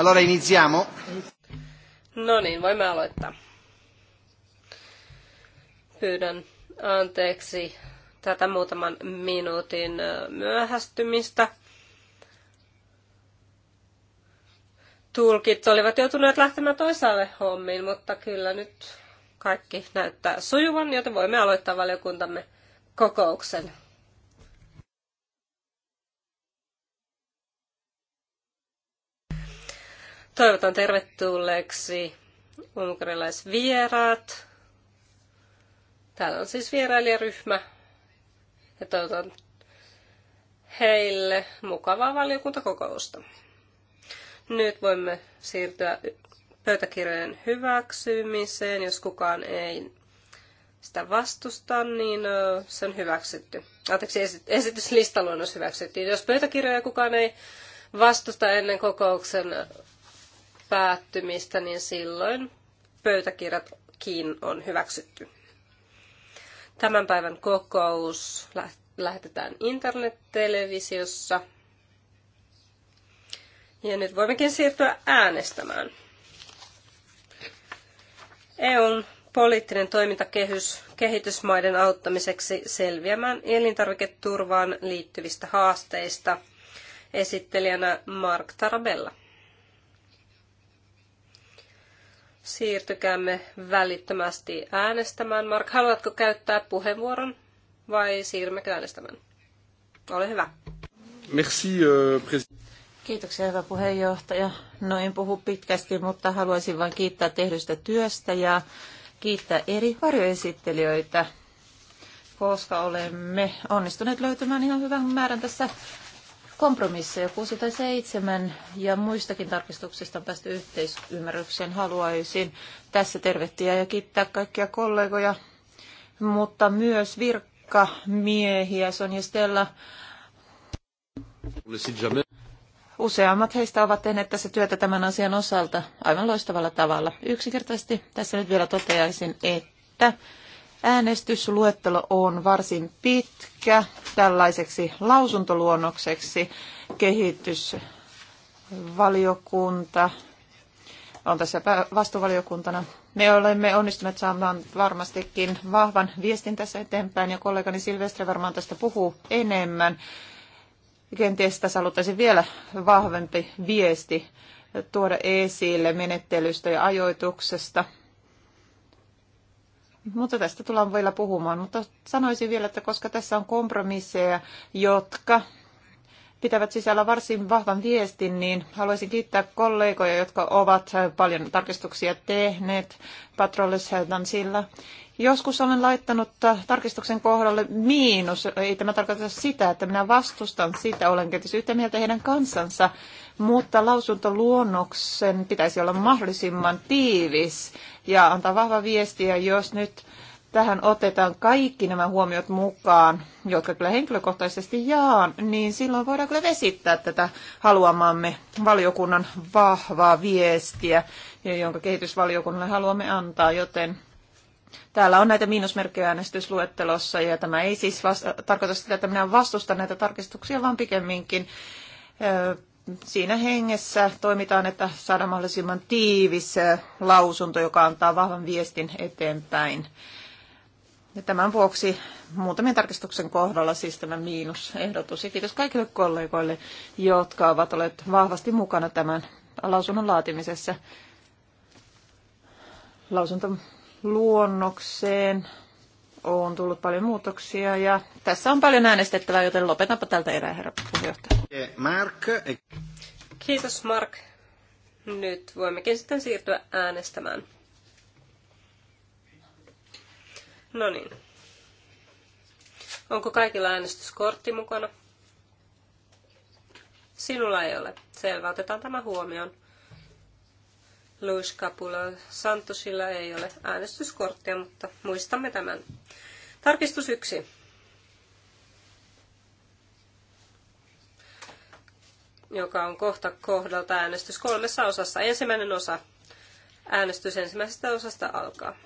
Allora iniziamo. No niin, voimme aloittaa. Pyydän anteeksi tätä muutaman minuutin myöhästymistä. Tulkit olivat joutuneet lähtemään toisaalle hommiin, mutta kyllä nyt kaikki näyttää sujuvan, joten voimme aloittaa valiokuntamme kokouksen. Toivotan tervetulleeksi unkarilaisvieraat. Täällä on siis vierailijaryhmä. Ja toivotan heille mukavaa valiokuntakokousta. Nyt voimme siirtyä pöytäkirjojen hyväksymiseen. Jos kukaan ei sitä vastusta, niin se on hyväksytty. Anteeksi, esityslistaluonnos hyväksyttiin. Jos pöytäkirjoja kukaan ei vastusta ennen kokouksen päättymistä, niin silloin pöytäkirjatkin on hyväksytty. Tämän päivän kokous lähetetään internettelevisiossa. Ja nyt voimmekin siirtyä äänestämään. EUn poliittinen toimintakehys kehitysmaiden auttamiseksi selviämään elintarviketurvaan liittyvistä haasteista. Esittelijänä Mark Tarabella. siirtykäämme välittömästi äänestämään. Mark, haluatko käyttää puheenvuoron vai siirrymmekö äänestämään? Ole hyvä. Merci, uh, Kiitoksia, hyvä puheenjohtaja. No en puhu pitkästi, mutta haluaisin vain kiittää tehdystä työstä ja kiittää eri varjoesittelijöitä, koska olemme onnistuneet löytämään ihan hyvän määrän tässä kompromisseja 6 tai 7 ja muistakin tarkistuksista on päästy yhteisymmärrykseen. Haluaisin tässä tervehtiä ja kiittää kaikkia kollegoja, mutta myös virkkamiehiä Sonja Stella. Useammat heistä ovat tehneet tässä työtä tämän asian osalta aivan loistavalla tavalla. Yksinkertaisesti tässä nyt vielä toteaisin, että Äänestysluettelo on varsin pitkä tällaiseksi lausuntoluonnokseksi. Kehitysvaliokunta on tässä vastuvaliokuntana. Me olemme onnistuneet saamaan varmastikin vahvan viestin tässä eteenpäin ja kollegani Silvestre varmaan tästä puhuu enemmän. Kenties tässä haluttaisiin vielä vahvempi viesti tuoda esille menettelystä ja ajoituksesta. Mutta tästä tullaan vielä puhumaan. Mutta sanoisin vielä, että koska tässä on kompromisseja, jotka pitävät sisällä varsin vahvan viestin, niin haluaisin kiittää kollegoja, jotka ovat paljon tarkistuksia tehneet Patrollisheltan sillä. Joskus olen laittanut tarkistuksen kohdalle miinus. Ei tämä tarkoita sitä, että minä vastustan sitä. Olen tietysti yhtä mieltä heidän kansansa mutta lausuntoluonnoksen pitäisi olla mahdollisimman tiivis ja antaa vahva viestiä, jos nyt tähän otetaan kaikki nämä huomiot mukaan, jotka kyllä henkilökohtaisesti jaan, niin silloin voidaan kyllä vesittää tätä haluamamme valiokunnan vahvaa viestiä, jonka kehitysvaliokunnalle haluamme antaa, joten Täällä on näitä miinusmerkkejä äänestysluettelossa ja tämä ei siis vasta- tarkoita sitä, että minä vastustan näitä tarkistuksia, vaan pikemminkin siinä hengessä toimitaan, että saadaan mahdollisimman tiivis eh, lausunto, joka antaa vahvan viestin eteenpäin. Ja tämän vuoksi muutamien tarkistuksen kohdalla siis tämä miinusehdotus. Ja kiitos kaikille kollegoille, jotka ovat olleet vahvasti mukana tämän lausunnon laatimisessa. Lausuntoluonnokseen on tullut paljon muutoksia ja tässä on paljon äänestettävää, joten lopetanpa tältä erää, herra puheenjohtaja. Eh, Mark. Eh. Kiitos Mark. Nyt voimmekin sitten siirtyä äänestämään. No niin. Onko kaikilla äänestyskortti mukana? Sinulla ei ole. Selvä, otetaan tämä huomioon. Luis Capula Santosilla ei ole äänestyskorttia, mutta muistamme tämän. Tarkistus yksi. joka on kohta kohdalta äänestys kolmessa osassa. Ensimmäinen osa. Äänestys ensimmäisestä osasta alkaa.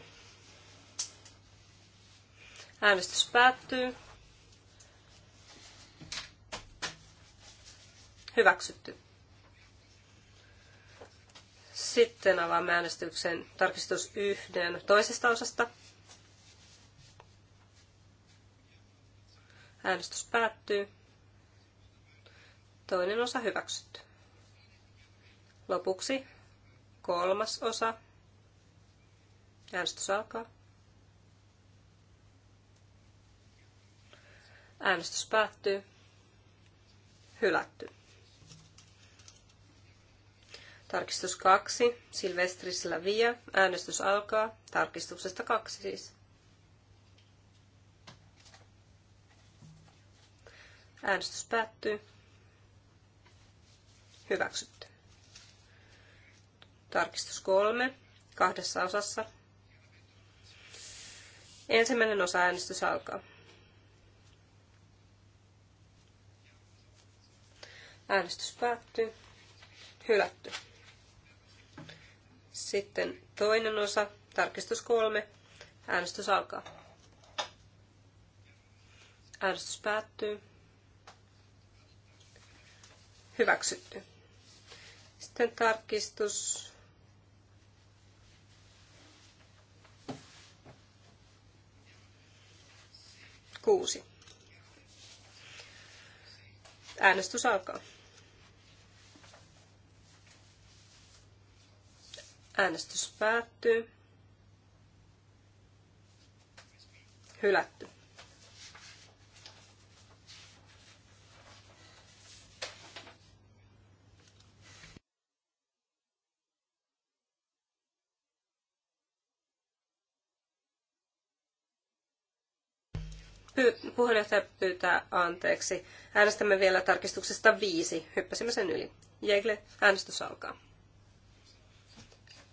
Äänestys päättyy. Hyväksytty. Sitten avaamme äänestyksen tarkistus yhden toisesta osasta. Äänestys päättyy. Toinen osa hyväksytty. Lopuksi kolmas osa. Äänestys alkaa. Äänestys päättyy. Hylätty. Tarkistus 2. Silvestris Lavia. Äänestys alkaa. Tarkistuksesta 2 siis. Äänestys päättyy. Hyväksytty. Tarkistus 3. Kahdessa osassa. Ensimmäinen osa äänestys alkaa. Äänestys päättyy. Hylätty. Sitten toinen osa, tarkistus kolme. Äänestys alkaa. Äänestys päättyy. Hyväksytty. Sitten tarkistus kuusi. Äänestys alkaa. Äänestys päättyy. Hylätty. Py- puheenjohtaja pyytää anteeksi. Äänestämme vielä tarkistuksesta viisi. Hyppäsimme sen yli. Jägle, äänestys alkaa.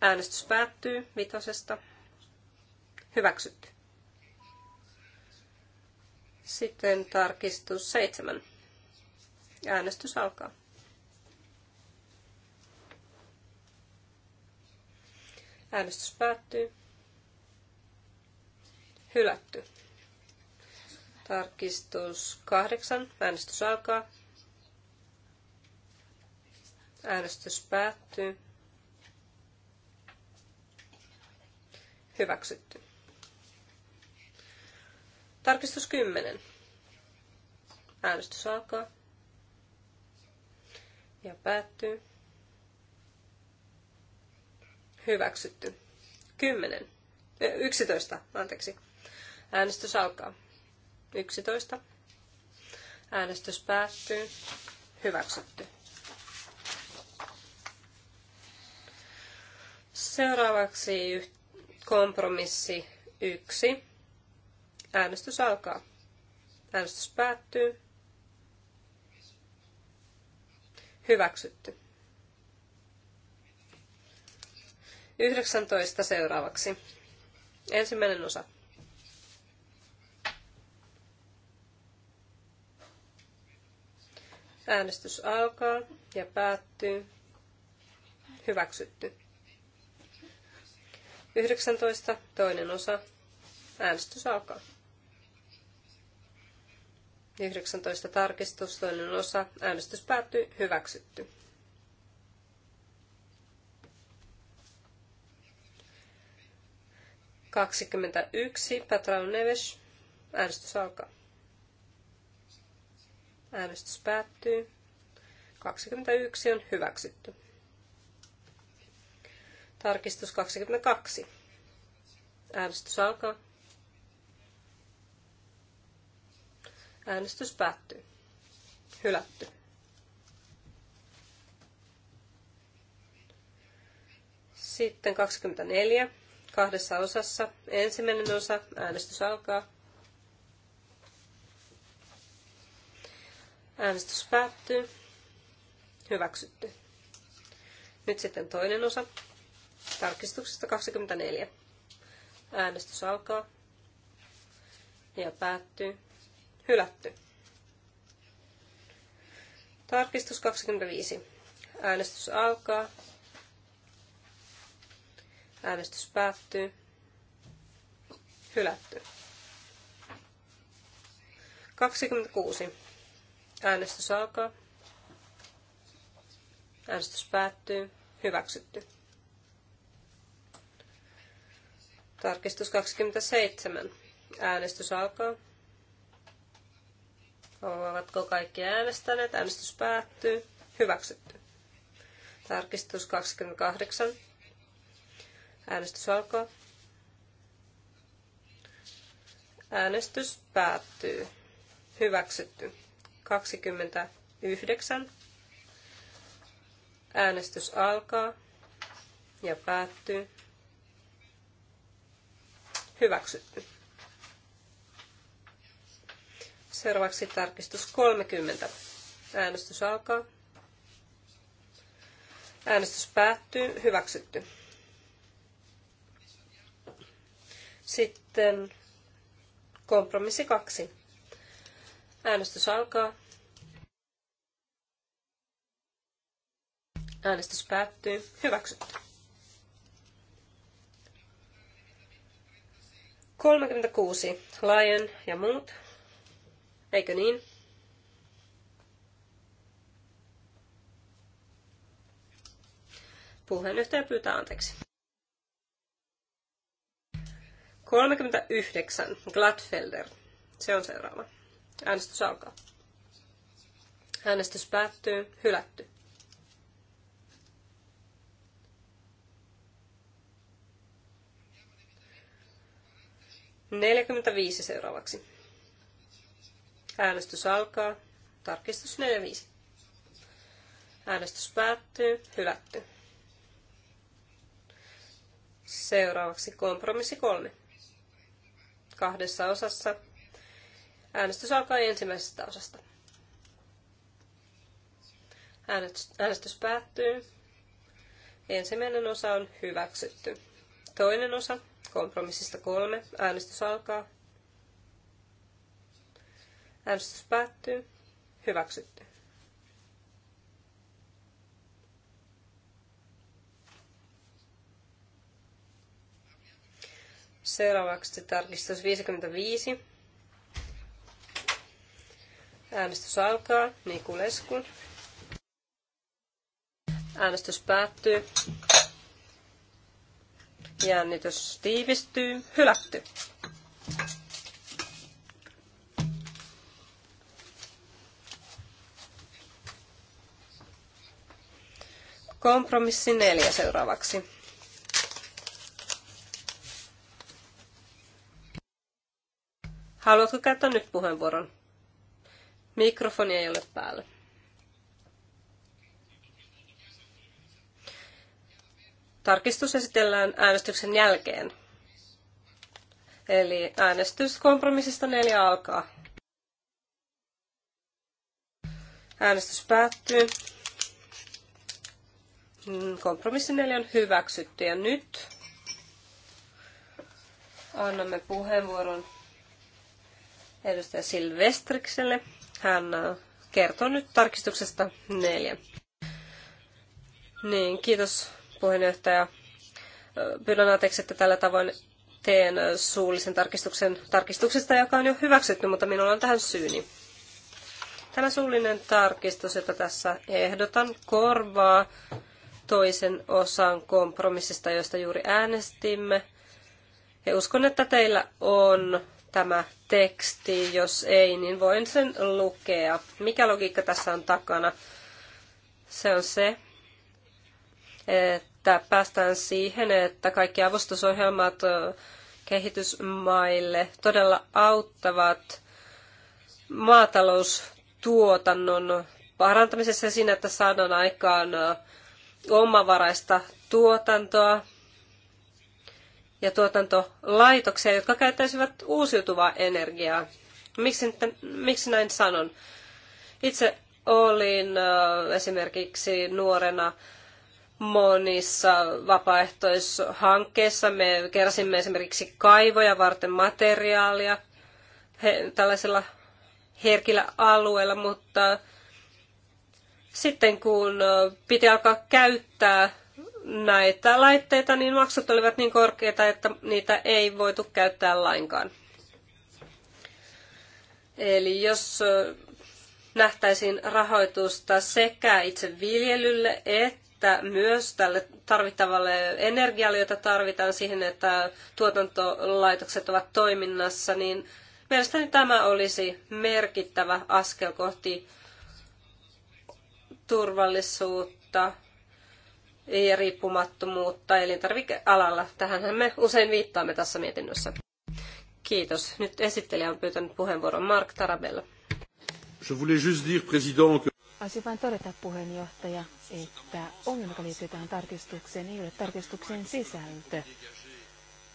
Äänestys päättyy vitosesta. Hyväksytty. Sitten tarkistus seitsemän. Äänestys alkaa. Äänestys päättyy. Hylätty. Tarkistus kahdeksan. Äänestys alkaa. Äänestys päättyy. Hyväksytty. Tarkistus 10. Äänestys alkaa. Ja päättyy. Hyväksytty. 10. 11. Anteeksi. Äänestys alkaa. 11. Äänestys päättyy. Hyväksytty. Seuraavaksi Kompromissi yksi. Äänestys alkaa. Äänestys päättyy. Hyväksytty. 19 seuraavaksi. Ensimmäinen osa. Äänestys alkaa ja päättyy. Hyväksytty. 19. Toinen osa. Äänestys alkaa. 19. Tarkistus. Toinen osa. Äänestys päättyy. Hyväksytty. yksi, Patral Neves. Äänestys alkaa. Äänestys päättyy. 21 on hyväksytty. Tarkistus 22. Äänestys alkaa. Äänestys päättyy. Hylätty. Sitten 24. Kahdessa osassa. Ensimmäinen osa. Äänestys alkaa. Äänestys päättyy. Hyväksytty. Nyt sitten toinen osa. Tarkistuksesta 24. Äänestys alkaa ja päättyy. Hylätty. Tarkistus 25. Äänestys alkaa. Äänestys päättyy. Hylätty. 26. Äänestys alkaa. Äänestys päättyy. Hyväksytty. Tarkistus 27. Äänestys alkaa. Ovatko kaikki äänestäneet? Äänestys päättyy. Hyväksytty. Tarkistus 28. Äänestys alkaa. Äänestys päättyy. Hyväksytty. 29. Äänestys alkaa ja päättyy. Hyväksytty. Seuraavaksi tarkistus 30. Äänestys alkaa. Äänestys päättyy. Hyväksytty. Sitten kompromissi 2. Äänestys alkaa. Äänestys päättyy. Hyväksytty. 36. Lion ja muut. Eikö niin? Puheenjohtaja pyytää anteeksi. 39. Gladfelder. Se on seuraava. Äänestys alkaa. Äänestys päättyy. Hylätty. 45 seuraavaksi. Äänestys alkaa. Tarkistus 45. Äänestys päättyy. Hylätty. Seuraavaksi kompromissi 3. Kahdessa osassa. Äänestys alkaa ensimmäisestä osasta. Äänestys päättyy. Ensimmäinen osa on hyväksytty. Toinen osa kompromissista kolme. Äänestys alkaa. Äänestys päättyy. Hyväksytty. Seuraavaksi tarkistus 55. Äänestys alkaa. Niku Lesku. Äänestys päättyy. Jännitys tiivistyy. Hylätty. Kompromissi neljä seuraavaksi. Haluatko käyttää nyt puheenvuoron? Mikrofoni ei ole päällä. Tarkistus esitellään äänestyksen jälkeen. Eli äänestys kompromissista neljä alkaa. Äänestys päättyy. Mm, kompromissi neljä on hyväksytty ja nyt annamme puheenvuoron edustaja Silvestrikselle. Hän äh, kertoo nyt tarkistuksesta neljä. Niin, kiitos puheenjohtaja. Pyydän anteeksi, että tällä tavoin teen suullisen tarkistuksen tarkistuksesta, joka on jo hyväksytty, mutta minulla on tähän syyni. Tämä suullinen tarkistus, jota tässä ehdotan, korvaa toisen osan kompromissista, josta juuri äänestimme. Ja uskon, että teillä on tämä teksti. Jos ei, niin voin sen lukea. Mikä logiikka tässä on takana? Se on se, että että päästään siihen, että kaikki avustusohjelmat kehitysmaille todella auttavat maataloustuotannon parantamisessa ja siinä, että saadaan aikaan omavaraista tuotantoa ja tuotantolaitoksia, jotka käyttäisivät uusiutuvaa energiaa. Miksi, miksi näin sanon? Itse olin esimerkiksi nuorena monissa vapaaehtoishankkeissa. Me keräsimme esimerkiksi kaivoja varten materiaalia he, herkillä alueella, mutta sitten kun piti alkaa käyttää näitä laitteita, niin maksut olivat niin korkeita, että niitä ei voitu käyttää lainkaan. Eli jos nähtäisiin rahoitusta sekä itse viljelylle että että myös tälle tarvittavalle energialle, jota tarvitaan siihen, että tuotantolaitokset ovat toiminnassa, niin mielestäni tämä olisi merkittävä askel kohti turvallisuutta ja riippumattomuutta elintarvikealalla. Tähänhän me usein viittaamme tässä mietinnössä. Kiitos. Nyt esittelijä on pyytänyt puheenvuoron Mark Tarabella. Je voulais juste dire, président, que... Olisin vain todeta puheenjohtaja, että ongelma, joka liittyy tähän tarkistukseen, ei ole tarkistuksen sisältö.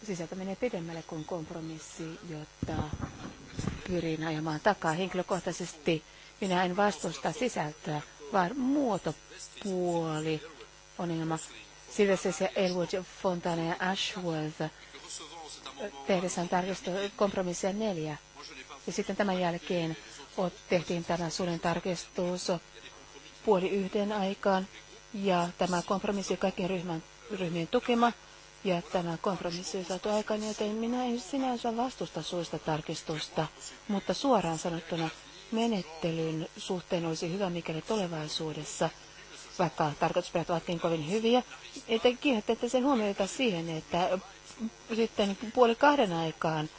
Sisältö menee pidemmälle kuin kompromissi, jotta pyrin ajamaan takaa. Henkilökohtaisesti minä en vastusta sisältöä, vaan muotopuoli on ongelma. se se Elwood, Fontana ja Ashworth tehdessään tarkistu kompromissia neljä. Ja sitten tämän jälkeen tehtiin tämä suuren tarkistus puoli yhden aikaan. Ja tämä kompromissi kaikkien ryhmän, ryhmien tukema ja tämä kompromissi on saatu aikaan, joten minä en sinänsä vastusta suista tarkistusta, mutta suoraan sanottuna menettelyn suhteen olisi hyvä, mikäli tulevaisuudessa, vaikka tarkoitusperät ovat niin kovin hyviä, että kiinnittätte sen huomiota siihen, että sitten puoli kahden aikaan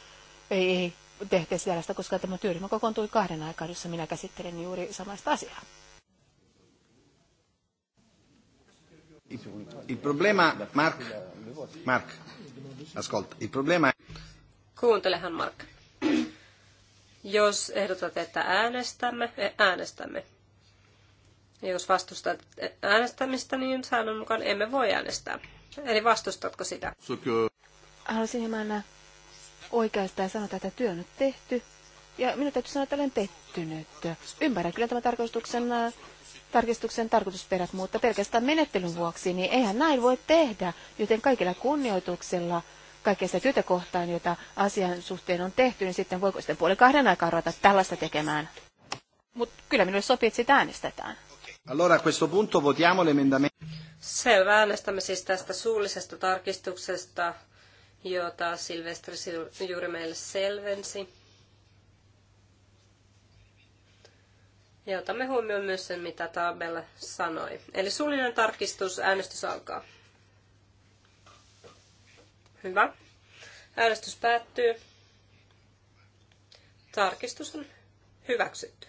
ei, ei tehtäisi tällaista, koska tämä työryhmä kokoontui kahden aikaan, jossa minä käsittelen juuri samasta asiaa. Il problema, Mark, Mark, ascolta, il problema... Kuuntelehan Mark. Jos ehdotat, että äänestämme, e, äänestämme. Jos vastustat e, äänestämistä, niin säännön mukaan emme voi äänestää. Eli vastustatko sitä? Haluaisin hieman oikeastaan ja sanoa, että työ on nyt tehty. Ja minun täytyy sanoa, että olen pettynyt. Ymmärrän kyllä tämän tarkoituksen tarkistuksen tarkoitusperät, mutta pelkästään menettelyn vuoksi, niin eihän näin voi tehdä, joten kaikilla kunnioituksella kaikkea sitä työtä kohtaan, jota asian suhteen on tehty, niin sitten voiko sitten puoli kahden aikaa ruveta tällaista tekemään. Mutta kyllä minulle sopii, että sitä äänestetään. Allora a questo punto votiamo l'emendamento. Selvä, äänestämme siis tästä suullisesta tarkistuksesta, jota Silvestri juuri meille selvensi. Ja otamme huomioon myös sen, mitä Tabella sanoi. Eli suullinen tarkistus, äänestys alkaa. Hyvä. Äänestys päättyy. Tarkistus on hyväksytty.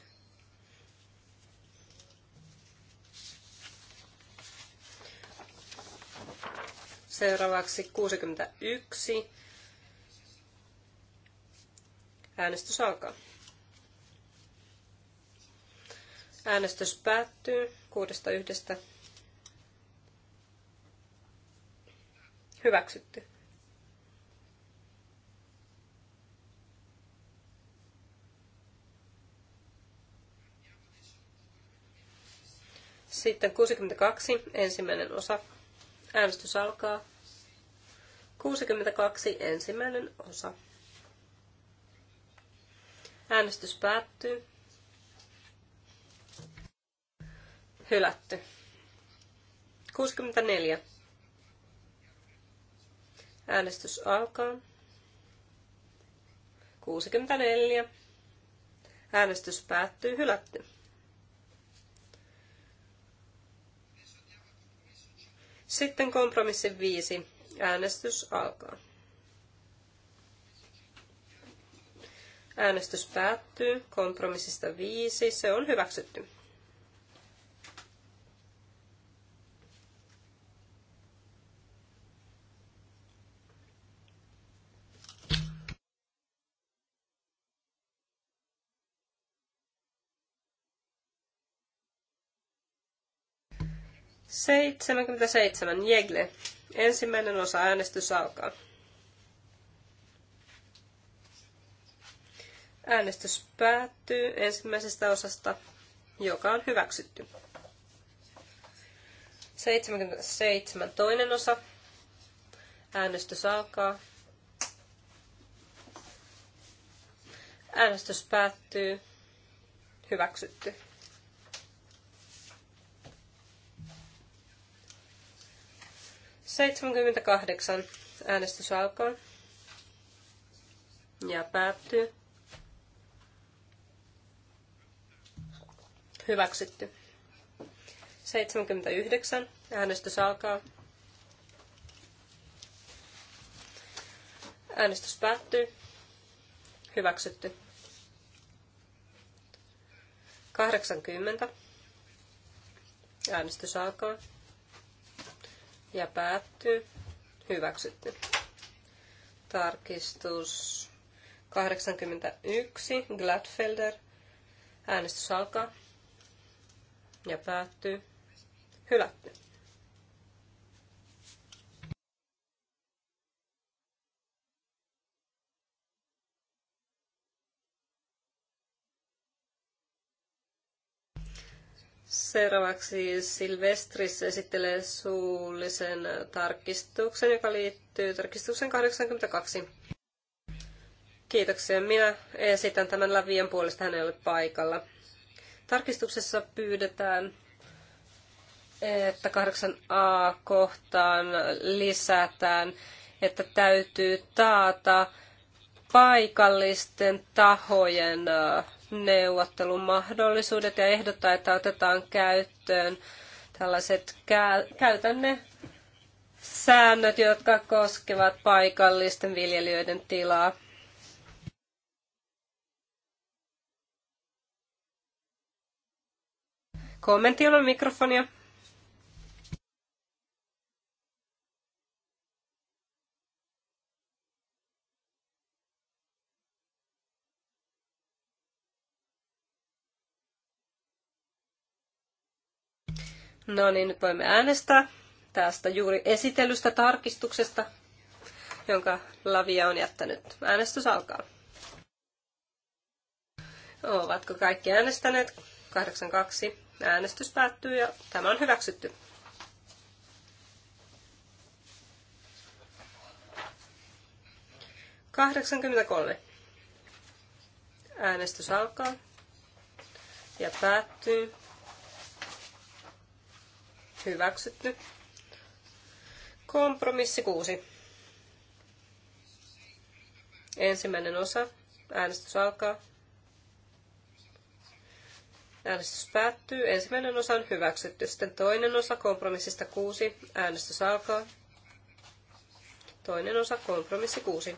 Seuraavaksi 61. Äänestys alkaa. Äänestys päättyy kuudesta yhdestä. Hyväksytty. Sitten 62, ensimmäinen osa. Äänestys alkaa. 62, ensimmäinen osa. Äänestys päättyy. hylätty. 64. Äänestys alkaa. 64. Äänestys päättyy hylätty. Sitten kompromissi 5. Äänestys alkaa. Äänestys päättyy kompromissista 5. Se on hyväksytty. 77. Jegle. Ensimmäinen osa äänestys alkaa. Äänestys päättyy ensimmäisestä osasta, joka on hyväksytty. 77. Toinen osa. Äänestys alkaa. Äänestys päättyy. Hyväksytty. 78. Äänestys alkaa. Ja päättyy. Hyväksytty. 79. Äänestys alkaa. Äänestys päättyy. Hyväksytty. 80. Äänestys alkaa ja päättyy. Hyväksytty. Tarkistus 81. Gladfelder. Äänestys alkaa ja päättyy. Hylätty. Seuraavaksi Silvestris esittelee suullisen tarkistuksen, joka liittyy tarkistuksen 82. Kiitoksia. Minä esitän tämän lävien puolesta hänelle paikalla. Tarkistuksessa pyydetään, että 8a kohtaan lisätään, että täytyy taata paikallisten tahojen neuvottelun mahdollisuudet ja ehdottaa, että otetaan käyttöön tällaiset käytännön säännöt, jotka koskevat paikallisten viljelijöiden tilaa. Kommentti ilman mikrofonia. No niin, nyt voimme äänestää tästä juuri esitellystä tarkistuksesta, jonka Lavia on jättänyt. Äänestys alkaa. Ovatko kaikki äänestäneet? 82. Äänestys päättyy ja tämä on hyväksytty. Kahdeksankymmentäkolme. Äänestys alkaa ja päättyy. Hyväksytty. Kompromissi 6. Ensimmäinen osa. Äänestys alkaa. Äänestys päättyy. Ensimmäinen osa on hyväksytty. Sitten toinen osa kompromissista 6. Äänestys alkaa. Toinen osa kompromissi 6.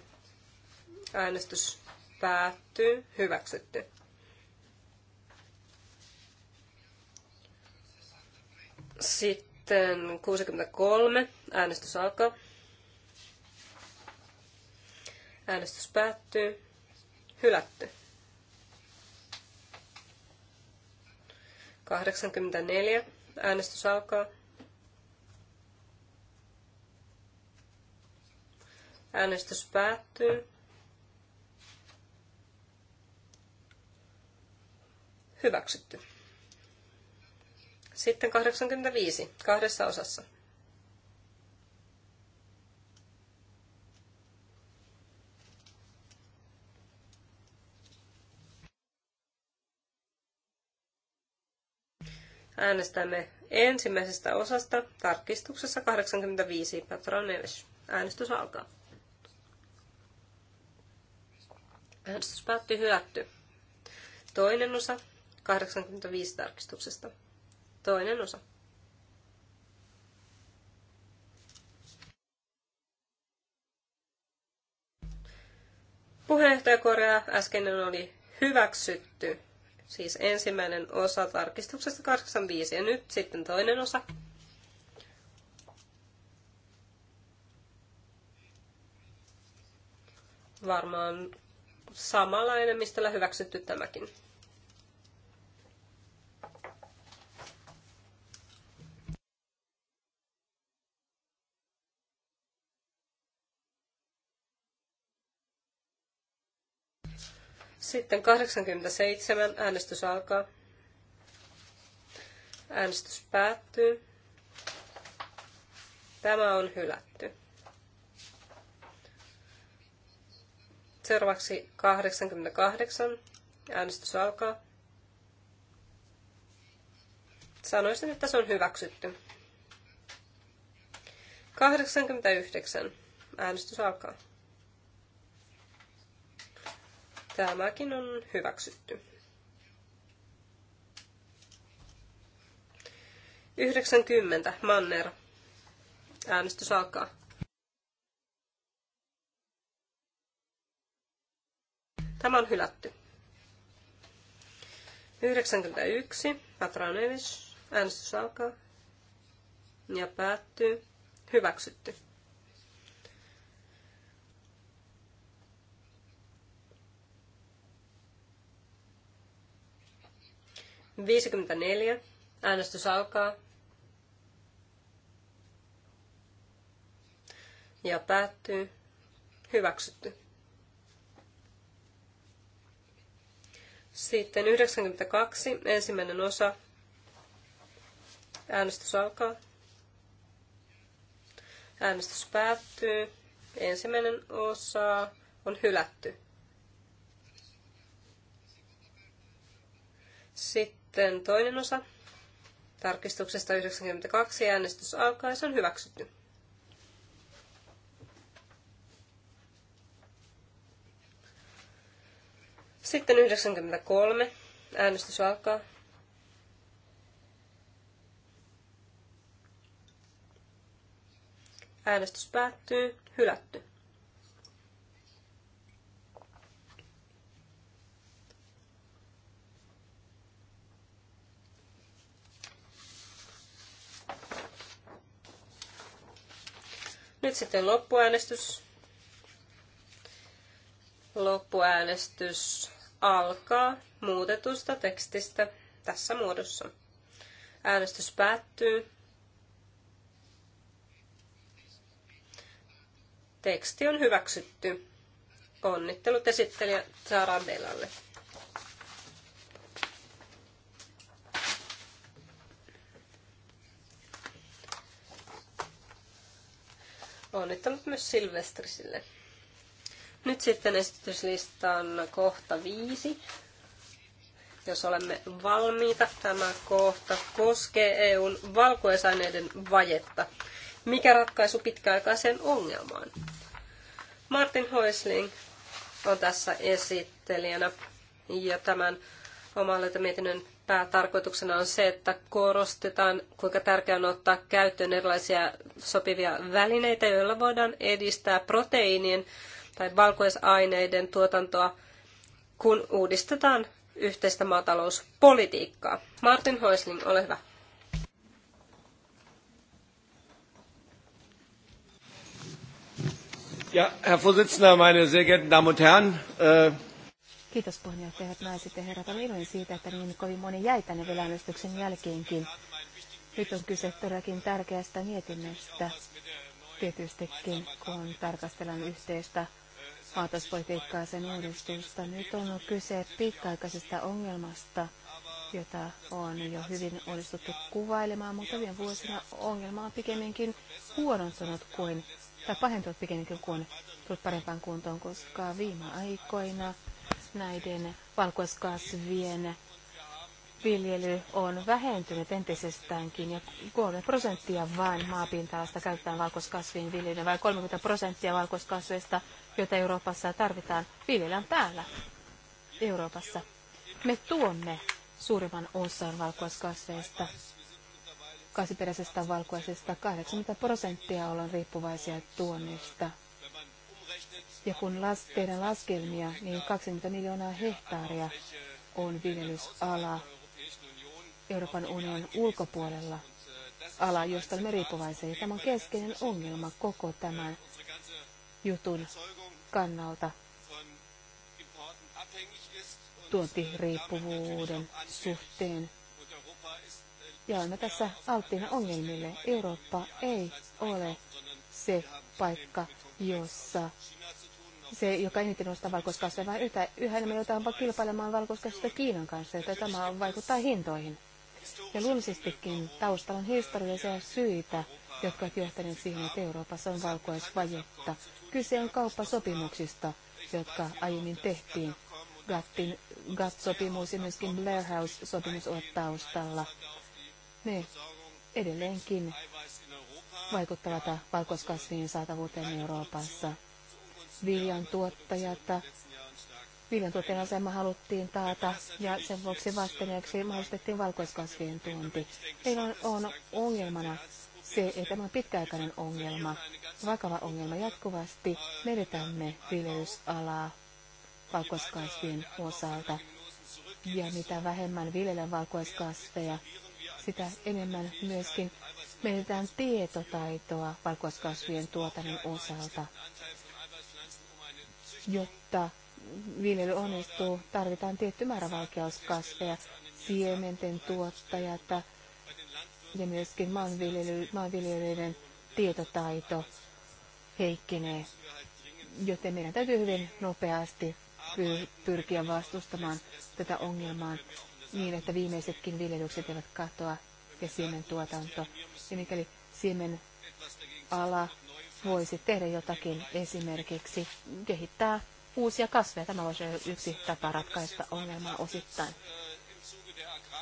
Äänestys päättyy. Hyväksytty. Sitten 63. Äänestys alkaa. Äänestys päättyy. Hylätty. 84. Äänestys alkaa. Äänestys päättyy. Hyväksytty. Sitten 85, kahdessa osassa. Äänestämme ensimmäisestä osasta tarkistuksessa 85 Neves. Äänestys alkaa. Äänestys päättyi hyötty. Toinen osa 85 tarkistuksesta. Toinen osa. Puheenjohtajakorjaa äsken oli hyväksytty, siis ensimmäinen osa tarkistuksesta 85 ja nyt sitten toinen osa. Varmaan samalla enemmistöllä hyväksytty tämäkin. Sitten 87. Äänestys alkaa. Äänestys päättyy. Tämä on hylätty. Seuraavaksi 88. Äänestys alkaa. Sanoisin, että se on hyväksytty. 89. Äänestys alkaa. Tämäkin on hyväksytty. 90. Manner. Äänestys alkaa. Tämä on hylätty. 91. Patranevich. Äänestys alkaa. Ja päättyy. Hyväksytty. 54. Äänestys alkaa. Ja päättyy. Hyväksytty. Sitten 92. Ensimmäinen osa. Äänestys alkaa. Äänestys päättyy. Ensimmäinen osa on hylätty. Sitten sitten toinen osa tarkistuksesta 92 äänestys alkaa ja se on hyväksytty. Sitten 93 äänestys alkaa. Äänestys päättyy, hylätty. Nyt sitten loppuäänestys. Loppuäänestys alkaa muutetusta tekstistä tässä muodossa. Äänestys päättyy. Teksti on hyväksytty. Onnittelut esittelijä Sara Bellalle. Onnittelut myös Silvestrisille. Nyt sitten esityslistan kohta viisi. Jos olemme valmiita, tämä kohta koskee EUn valkoesaineiden vajetta. Mikä ratkaisu pitkäaikaiseen ongelmaan? Martin Hoisling on tässä esittelijänä ja tämän oma mietinnön päätarkoituksena on se, että korostetaan, kuinka tärkeää on ottaa käyttöön erilaisia sopivia välineitä, joilla voidaan edistää proteiinien tai valkoisaineiden tuotantoa, kun uudistetaan yhteistä maatalouspolitiikkaa. Martin Hoisling, ole hyvä. Ja, Herr Vorsitzender, meine sehr geehrten Damen und Herren, äh Kiitos puheenjohtajat, naiset ja herrat. Olen iloinen siitä, että niin kovin moni jäi tänne vielä äänestyksen jälkeenkin. Nyt on kyse todellakin tärkeästä mietinnöstä, tietystikin kun tarkastellaan yhteistä maatalouspolitiikkaa sen uudistusta. Nyt on kyse pitkäaikaisesta ongelmasta, jota on jo hyvin onnistuttu kuvailemaan, mutta viime vuosina ongelma on pikemminkin huonontunut kuin, tai pahentunut pikemminkin kuin tullut parempaan kuntoon, koska viime aikoina näiden valkoiskasvien viljely on vähentynyt entisestäänkin ja 3 prosenttia vain maapinta-alasta käytetään valkoiskasvien viljelyyn, vai 30 prosenttia valkoiskasveista, joita Euroopassa tarvitaan, viljellään täällä Euroopassa. Me tuomme suurimman osan valkoiskasveista, kasviperäisestä valkoisesta 80 prosenttia ollaan riippuvaisia tuonnista. Ja kun las, tehdään laskelmia, niin 20 miljoonaa hehtaaria on viljelysala Euroopan unionin ulkopuolella. Ala, josta olemme riippuvaisia. Tämä on keskeinen ongelma koko tämän jutun kannalta tuontiriippuvuuden suhteen. Ja olemme tässä alttiina ongelmille. Eurooppa ei ole se paikka, jossa se, joka eniten ostaa valkoiskasveja, vaan yhä, yhä enemmän joudutaan kilpailemaan valkoiskasveja Kiinan kanssa, että tämä vaikuttaa hintoihin. Ja luonnollisestikin taustalla on historiallisia syitä, jotka ovat johtaneet siihen, että Euroopassa on valkoisvajetta. Kyse on kauppasopimuksista, jotka aiemmin tehtiin. GATTin, GATT-sopimus ja myöskin Blair House-sopimus ovat taustalla. Ne edelleenkin vaikuttavat valkoiskasvien saatavuuteen Euroopassa viljan tuottajat. Viljan tuottajan asema haluttiin taata ja sen vuoksi vastineeksi mahdollistettiin valkoiskasvien tuonti. Meillä on ongelmana se, että tämä on pitkäaikainen ongelma, vakava ongelma jatkuvasti. Menetämme viljelysalaa valkoiskasvien osalta. Ja mitä vähemmän viljellään valkoiskasveja, sitä enemmän myöskin menetään tietotaitoa valkoiskasvien tuotannon osalta. Jotta viljely onnistuu, tarvitaan tietty määrä valkeuskasveja, siementen tuottajat ja myöskin maanviljely, maanviljelijöiden tietotaito heikkenee, joten meidän täytyy hyvin nopeasti pyrkiä vastustamaan tätä ongelmaa niin, että viimeisetkin viljelykset eivät katoa ja siementuotanto. Ja mikäli siemen ala voisi tehdä jotakin, esimerkiksi kehittää uusia kasveja. Tämä voisi olla yksi tapa ratkaista ongelmaa osittain.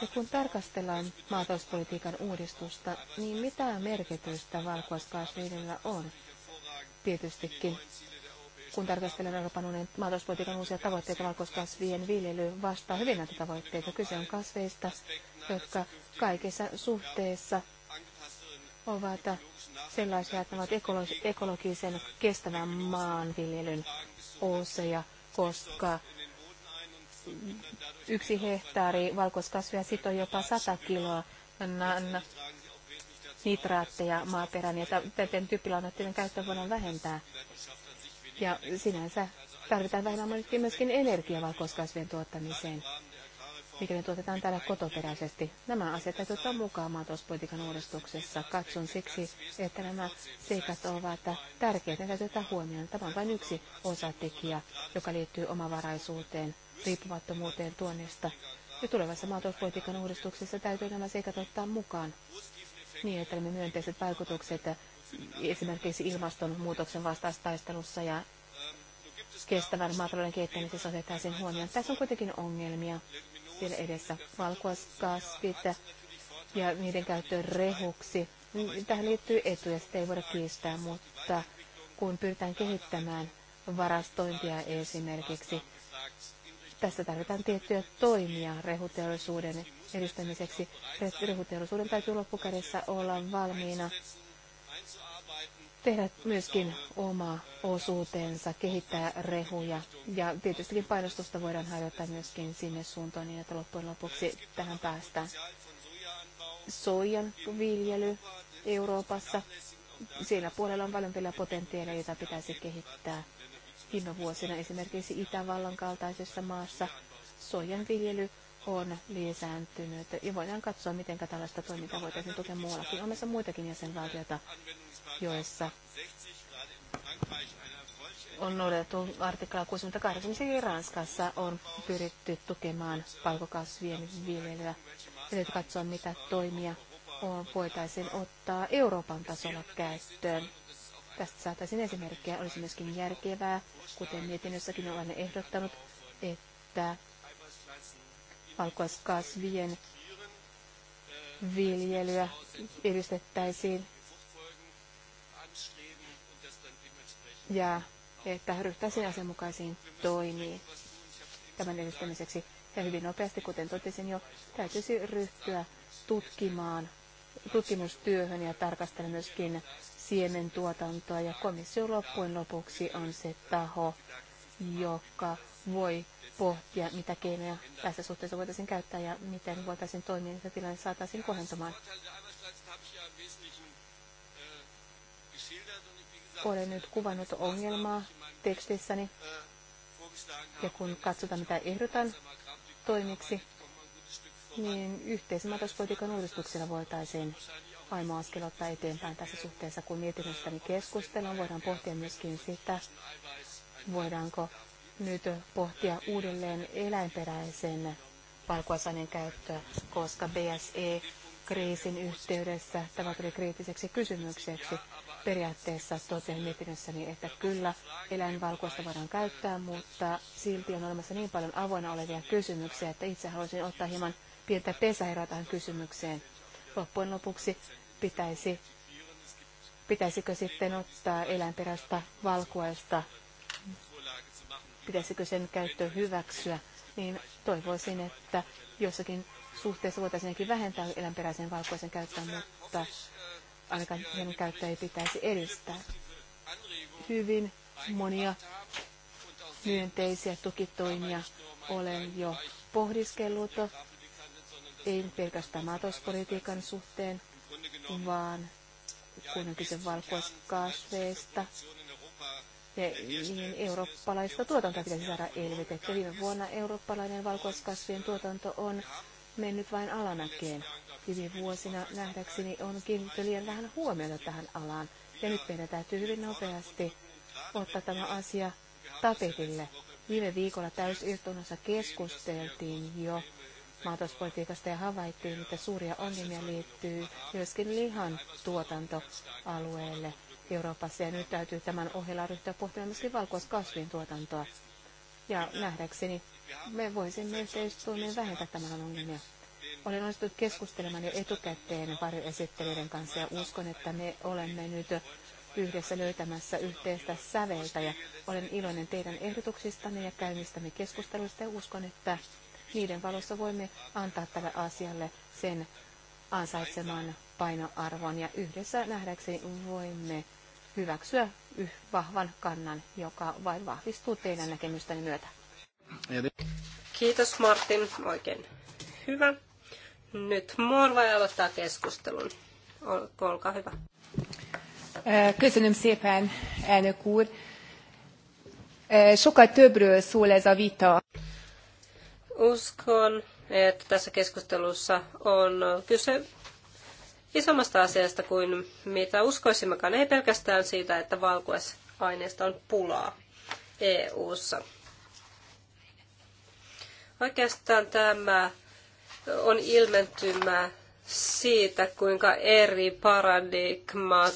Ja kun tarkastellaan maatalouspolitiikan uudistusta, niin mitä merkitystä valkuaiskasviidellä on? Tietystikin, kun tarkastellaan Euroopan unionin maatalouspolitiikan uusia tavoitteita, valkuaiskasvien viljely vastaa hyvin näitä tavoitteita. Kyse on kasveista, jotka kaikessa suhteessa ovat sellaisia, että ne ovat ekologisen kestävän maanviljelyn osia, koska yksi hehtaari valkoiskasvia sitoo jopa 100 kiloa nitraatteja maaperään, ja tämän tyyppilannoitteiden käyttöä voidaan vähentää. Ja sinänsä tarvitaan vähemmän myöskin energiaa valkoiskasvien tuottamiseen mikäli tuotetaan täällä kotoperäisesti. Nämä asiat täytyy ottaa mukaan maatalouspolitiikan uudistuksessa. Katson siksi, että nämä seikat ovat tärkeitä Ne täytyy ottaa huomioon. Tämä on vain yksi osatekijä, joka liittyy omavaraisuuteen, riippumattomuuteen tuonnista. Ja tulevassa maatalouspolitiikan uudistuksessa täytyy nämä seikat ottaa mukaan niin, että nämä myönteiset vaikutukset esimerkiksi ilmastonmuutoksen vastaistaistelussa ja kestävän maatalouden kehittämisessä sen huomioon. Tässä on kuitenkin ongelmia siellä edessä valkuaiskasvit ja niiden käyttö rehuksi. Tähän liittyy etuja, sitä ei voida kiistää, mutta kun pyritään kehittämään varastointia esimerkiksi, tässä tarvitaan tiettyjä toimia rehuteollisuuden edistämiseksi. Rehuteollisuuden täytyy loppukädessä olla valmiina tehdä myöskin oma osuutensa, kehittää rehuja. Ja tietystikin painostusta voidaan harjoittaa myöskin sinne suuntaan niin, että loppujen lopuksi tähän päästään. Soijan viljely Euroopassa. Siinä puolella on paljon vielä potentiaalia, jota pitäisi kehittää. Viime vuosina esimerkiksi Itävallan kaltaisessa maassa soijan viljely on lisääntynyt. Ja voidaan katsoa, miten tällaista toimintaa voitaisiin tukea muuallakin. On myös muitakin jäsenvaltioita, joissa on noudatettu artikla 68. missä Ranskassa on pyritty tukemaan palkokasvien viljelyä. Eli katsoa, mitä toimia on, voitaisiin ottaa Euroopan tasolla käyttöön. Tästä saataisiin esimerkkejä. Olisi myöskin järkevää, kuten mietinnössäkin olen ehdottanut, että valkoiskasvien viljelyä edistettäisiin ja että ryhtäisiin asianmukaisiin toimiin tämän edistämiseksi. Ja hyvin nopeasti, kuten totesin jo, täytyisi ryhtyä tutkimaan tutkimustyöhön ja tarkastella myöskin siementuotantoa. Ja komissio loppujen lopuksi on se taho, joka voi pohtia, mitä keinoja tässä suhteessa voitaisiin käyttää ja miten voitaisiin toimia, että tilanne saataisiin kohentamaan. Olen nyt kuvannut ongelmaa tekstissäni ja kun katsotaan, mitä ehdotan toimiksi, niin yhteisen maatalouspolitiikan uudistuksella voitaisiin aimo askel ottaa eteenpäin tässä suhteessa, kun mietinnöstäni keskustellaan. Voidaan pohtia myöskin sitä, voidaanko nyt pohtia uudelleen eläinperäisen valkuaisaineen käyttöä, koska BSE kriisin yhteydessä tämä tuli kriittiseksi kysymykseksi. Periaatteessa totean mietinnössäni, että kyllä eläinvalkuasta voidaan käyttää, mutta silti on olemassa niin paljon avoinna olevia kysymyksiä, että itse haluaisin ottaa hieman pientä pesäeroa tähän kysymykseen. Loppujen lopuksi pitäisi, pitäisikö sitten ottaa eläinperäistä valkuaista pitäisikö sen käyttö hyväksyä, niin toivoisin, että jossakin suhteessa voitaisiin vähentää eläinperäisen valkoisen käyttöä, mutta ainakaan sen käyttöä ei pitäisi edistää. Hyvin monia myönteisiä tukitoimia olen jo pohdiskellut, ei pelkästään maatalouspolitiikan suhteen, vaan kun on kyse valkuaiskasveista, ja mihin eurooppalaista tuotantoa pitäisi saada elvytettyä. Viime vuonna eurooppalainen valkoiskasvien tuotanto on mennyt vain alanäkeen. Viime vuosina nähdäkseni on kiinnitetty liian vähän huomiota tähän alaan. Ja nyt meidän täytyy hyvin nopeasti ottaa tämä asia tapetille. Viime viikolla täysistunnossa keskusteltiin jo maatalouspolitiikasta ja havaittiin, että suuria ongelmia liittyy myöskin lihan tuotantoalueelle. Euroopassa ja nyt täytyy tämän ohella ryhtyä pohtimaan myöskin valkuaiskasvien tuotantoa. Ja nähdäkseni me voisimme yhteistuomien vähentää tämän ongelmia. Olen onnistunut keskustelemaan jo etukäteen pari esittelijöiden kanssa ja uskon, että me olemme nyt yhdessä löytämässä yhteistä säveltä ja olen iloinen teidän ehdotuksistanne ja käynnistämme keskusteluista ja uskon, että niiden valossa voimme antaa tälle asialle sen ansaitseman painoarvon ja yhdessä nähdäkseni voimme hyväksyä vahvan kannan, joka vain vahvistuu teidän näkemystäni myötä. Kiitos Martin, oikein hyvä. Nyt Morva aloittaa keskustelun. Olkaa hyvä. Eh, köszönöm szépen, elnök úr. Eh, sokkal többről szól ez a vita. Uskon, että tässä keskustelussa on kyse isommasta asiasta kuin mitä uskoisimmekaan, ei pelkästään siitä, että valkuaisaineista on pulaa EU-ssa. Oikeastaan tämä on ilmentymä siitä, kuinka eri paradigmat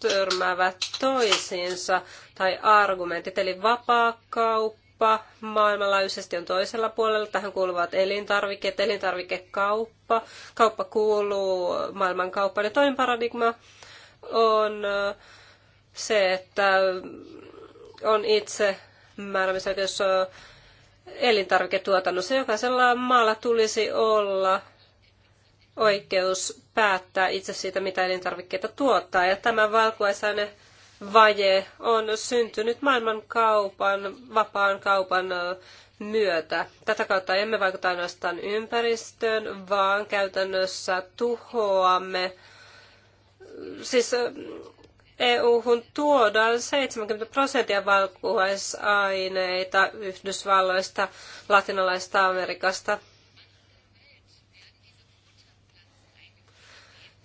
törmäävät toisiinsa tai argumentit, eli vapaa kauppa kauppa maailmanlaajuisesti on toisella puolella. Tähän kuuluvat elintarvikkeet, elintarvikekauppa. Kauppa kuuluu maailmankauppaan. Ja toinen paradigma on se, että on itse määrämisoikeus elintarviketuotannossa. Jokaisella maalla tulisi olla oikeus päättää itse siitä, mitä elintarvikkeita tuottaa. Ja tämä valkuaisainen vaje on syntynyt maailman kaupan, vapaan kaupan myötä. Tätä kautta emme vaikuta ainoastaan ympäristöön, vaan käytännössä tuhoamme. Siis EU-hun tuodaan 70 prosenttia valkuaisaineita Yhdysvalloista, latinalaista Amerikasta –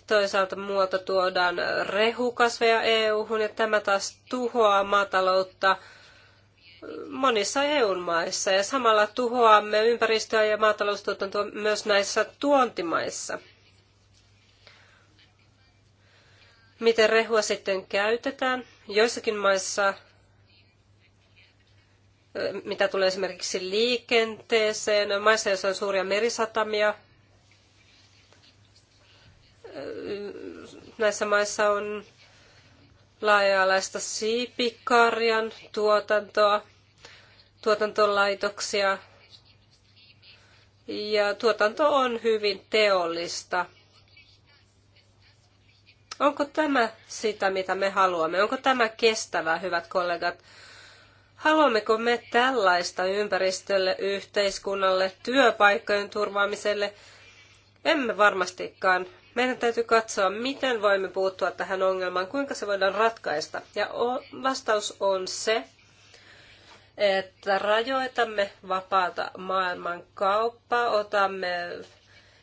Toisaalta muualta tuodaan rehukasveja EU-hun ja tämä taas tuhoaa maataloutta monissa EU-maissa ja samalla tuhoamme ympäristöä ja maataloustuotantoa myös näissä tuontimaissa. Miten rehua sitten käytetään? Joissakin maissa, mitä tulee esimerkiksi liikenteeseen, maissa, joissa on suuria merisatamia, näissä maissa on laaja-alaista siipikarjan tuotantoa, tuotantolaitoksia ja tuotanto on hyvin teollista. Onko tämä sitä, mitä me haluamme? Onko tämä kestävää, hyvät kollegat? Haluammeko me tällaista ympäristölle, yhteiskunnalle, työpaikkojen turvaamiselle? Emme varmastikaan. Meidän täytyy katsoa, miten voimme puuttua tähän ongelmaan, kuinka se voidaan ratkaista. Ja vastaus on se, että rajoitamme vapaata maailman kauppaa, otamme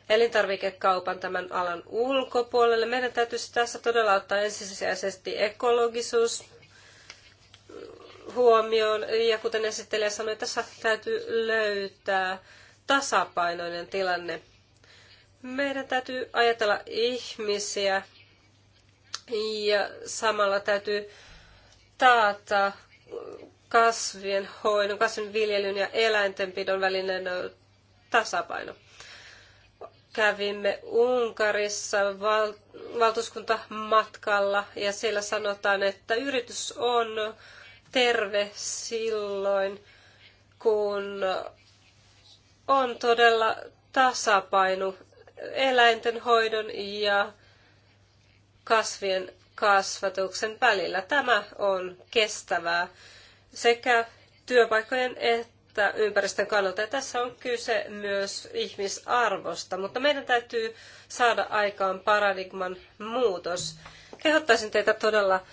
elintarvikekaupan tämän alan ulkopuolelle. Meidän täytyisi tässä todella ottaa ensisijaisesti ekologisuus huomioon. Ja kuten esittelijä sanoi, tässä täytyy löytää tasapainoinen tilanne meidän täytyy ajatella ihmisiä ja samalla täytyy taata kasvien hoidon, kasvinviljelyn ja eläintenpidon välinen tasapaino. Kävimme Unkarissa val- valtuuskuntamatkalla ja siellä sanotaan, että yritys on terve silloin, kun on todella tasapaino eläinten hoidon ja kasvien kasvatuksen välillä. Tämä on kestävää sekä työpaikkojen että ympäristön kannalta. Ja tässä on kyse myös ihmisarvosta, mutta meidän täytyy saada aikaan paradigman muutos. Kehottaisin teitä todella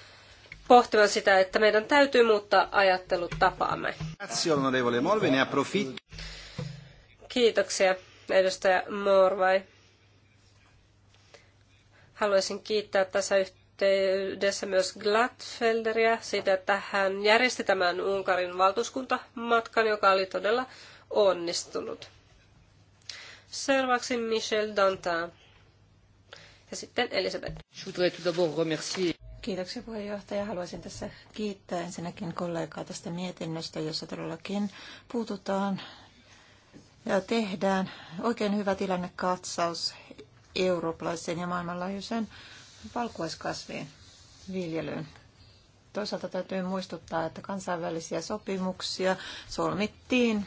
pohtimaan sitä, että meidän täytyy muuttaa ajattelutapaamme. Kiitoksia, edustaja Morvai. Haluaisin kiittää tässä yhteydessä myös Gladfelderia siitä, että hän järjesti tämän Unkarin valtuuskuntamatkan, joka oli todella onnistunut. Seuraavaksi Michel Dantin ja sitten Elisabeth. Kiitoksia puheenjohtaja. Haluaisin tässä kiittää ensinnäkin kollegaa tästä mietinnöstä, jossa todellakin puututaan ja tehdään oikein hyvä tilannekatsaus eurooppalaiseen ja maailmanlaajuiseen valkuaiskasvien viljelyyn. Toisaalta täytyy muistuttaa, että kansainvälisiä sopimuksia solmittiin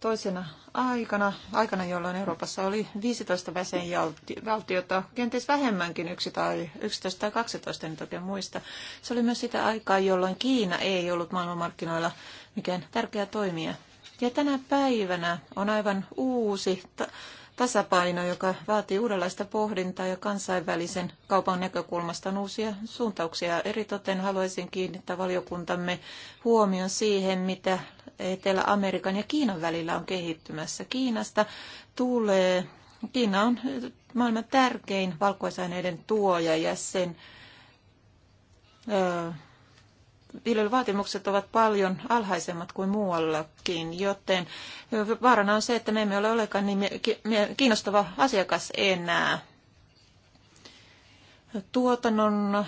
toisena aikana, aikana jolloin Euroopassa oli 15 väsenvaltiota, kenties vähemmänkin, yksi tai 11 tai 12, en toki muista. Se oli myös sitä aikaa, jolloin Kiina ei ollut maailmanmarkkinoilla mikään tärkeä toimija. Ja tänä päivänä on aivan uusi tasapaino, joka vaatii uudenlaista pohdintaa ja kansainvälisen kaupan näkökulmasta on uusia suuntauksia. Eritoten haluaisin kiinnittää valiokuntamme huomion siihen, mitä Etelä-Amerikan ja Kiinan välillä on kehittymässä. Kiinasta tulee, Kiina on maailman tärkein valkoisaineiden tuoja ja sen ö, viljelyvaatimukset ovat paljon alhaisemmat kuin muuallakin, joten vaarana on se, että me emme ole olekaan niin kiinnostava asiakas enää. Tuotannon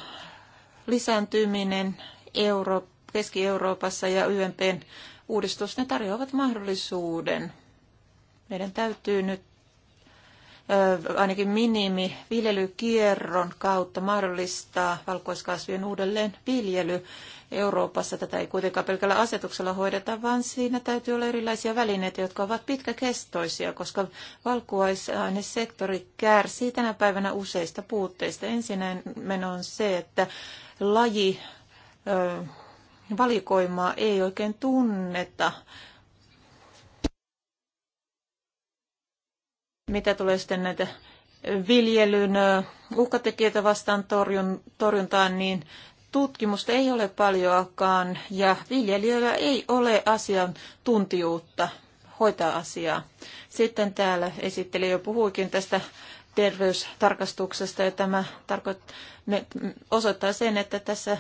lisääntyminen Euro- Keski-Euroopassa ja YMPn uudistus, ne tarjoavat mahdollisuuden. Meidän täytyy nyt ainakin minimi viljelykierron kautta mahdollistaa valkoiskasvien uudelleen viljely. Euroopassa tätä ei kuitenkaan pelkällä asetuksella hoideta, vaan siinä täytyy olla erilaisia välineitä, jotka ovat pitkäkestoisia, koska valkuaisainesektori kärsii tänä päivänä useista puutteista. Ensinnäinen on se, että laji valikoimaa ei oikein tunneta Mitä tulee sitten näitä viljelyn uhkatekijöitä vastaan torjuntaan, niin tutkimusta ei ole paljoakaan ja viljelijöillä ei ole asiantuntijuutta hoitaa asiaa. Sitten täällä esitteli jo puhuikin tästä terveystarkastuksesta ja tämä tarkoit- me osoittaa sen, että tässä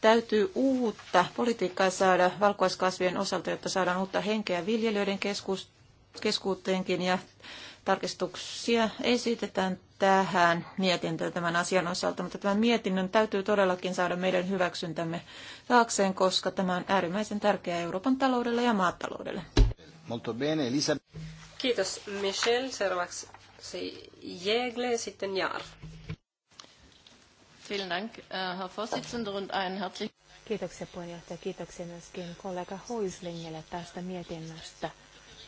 täytyy uutta politiikkaa saada valkuaiskasvien osalta, jotta saadaan uutta henkeä viljelijöiden keskuuteenkin ja Tarkistuksia esitetään tähän mietintöön tämän asian osalta, mutta tämän mietinnön täytyy todellakin saada meidän hyväksyntämme taakseen, koska tämä on äärimmäisen tärkeä Euroopan taloudelle ja maataloudelle. Molto bene, Kiitos Michel. Seuraavaksi Jägle, sitten Jaar. Äh, kiitoksia puheenjohtaja, kiitoksia myöskin kollega Huislingille tästä mietinnöstä.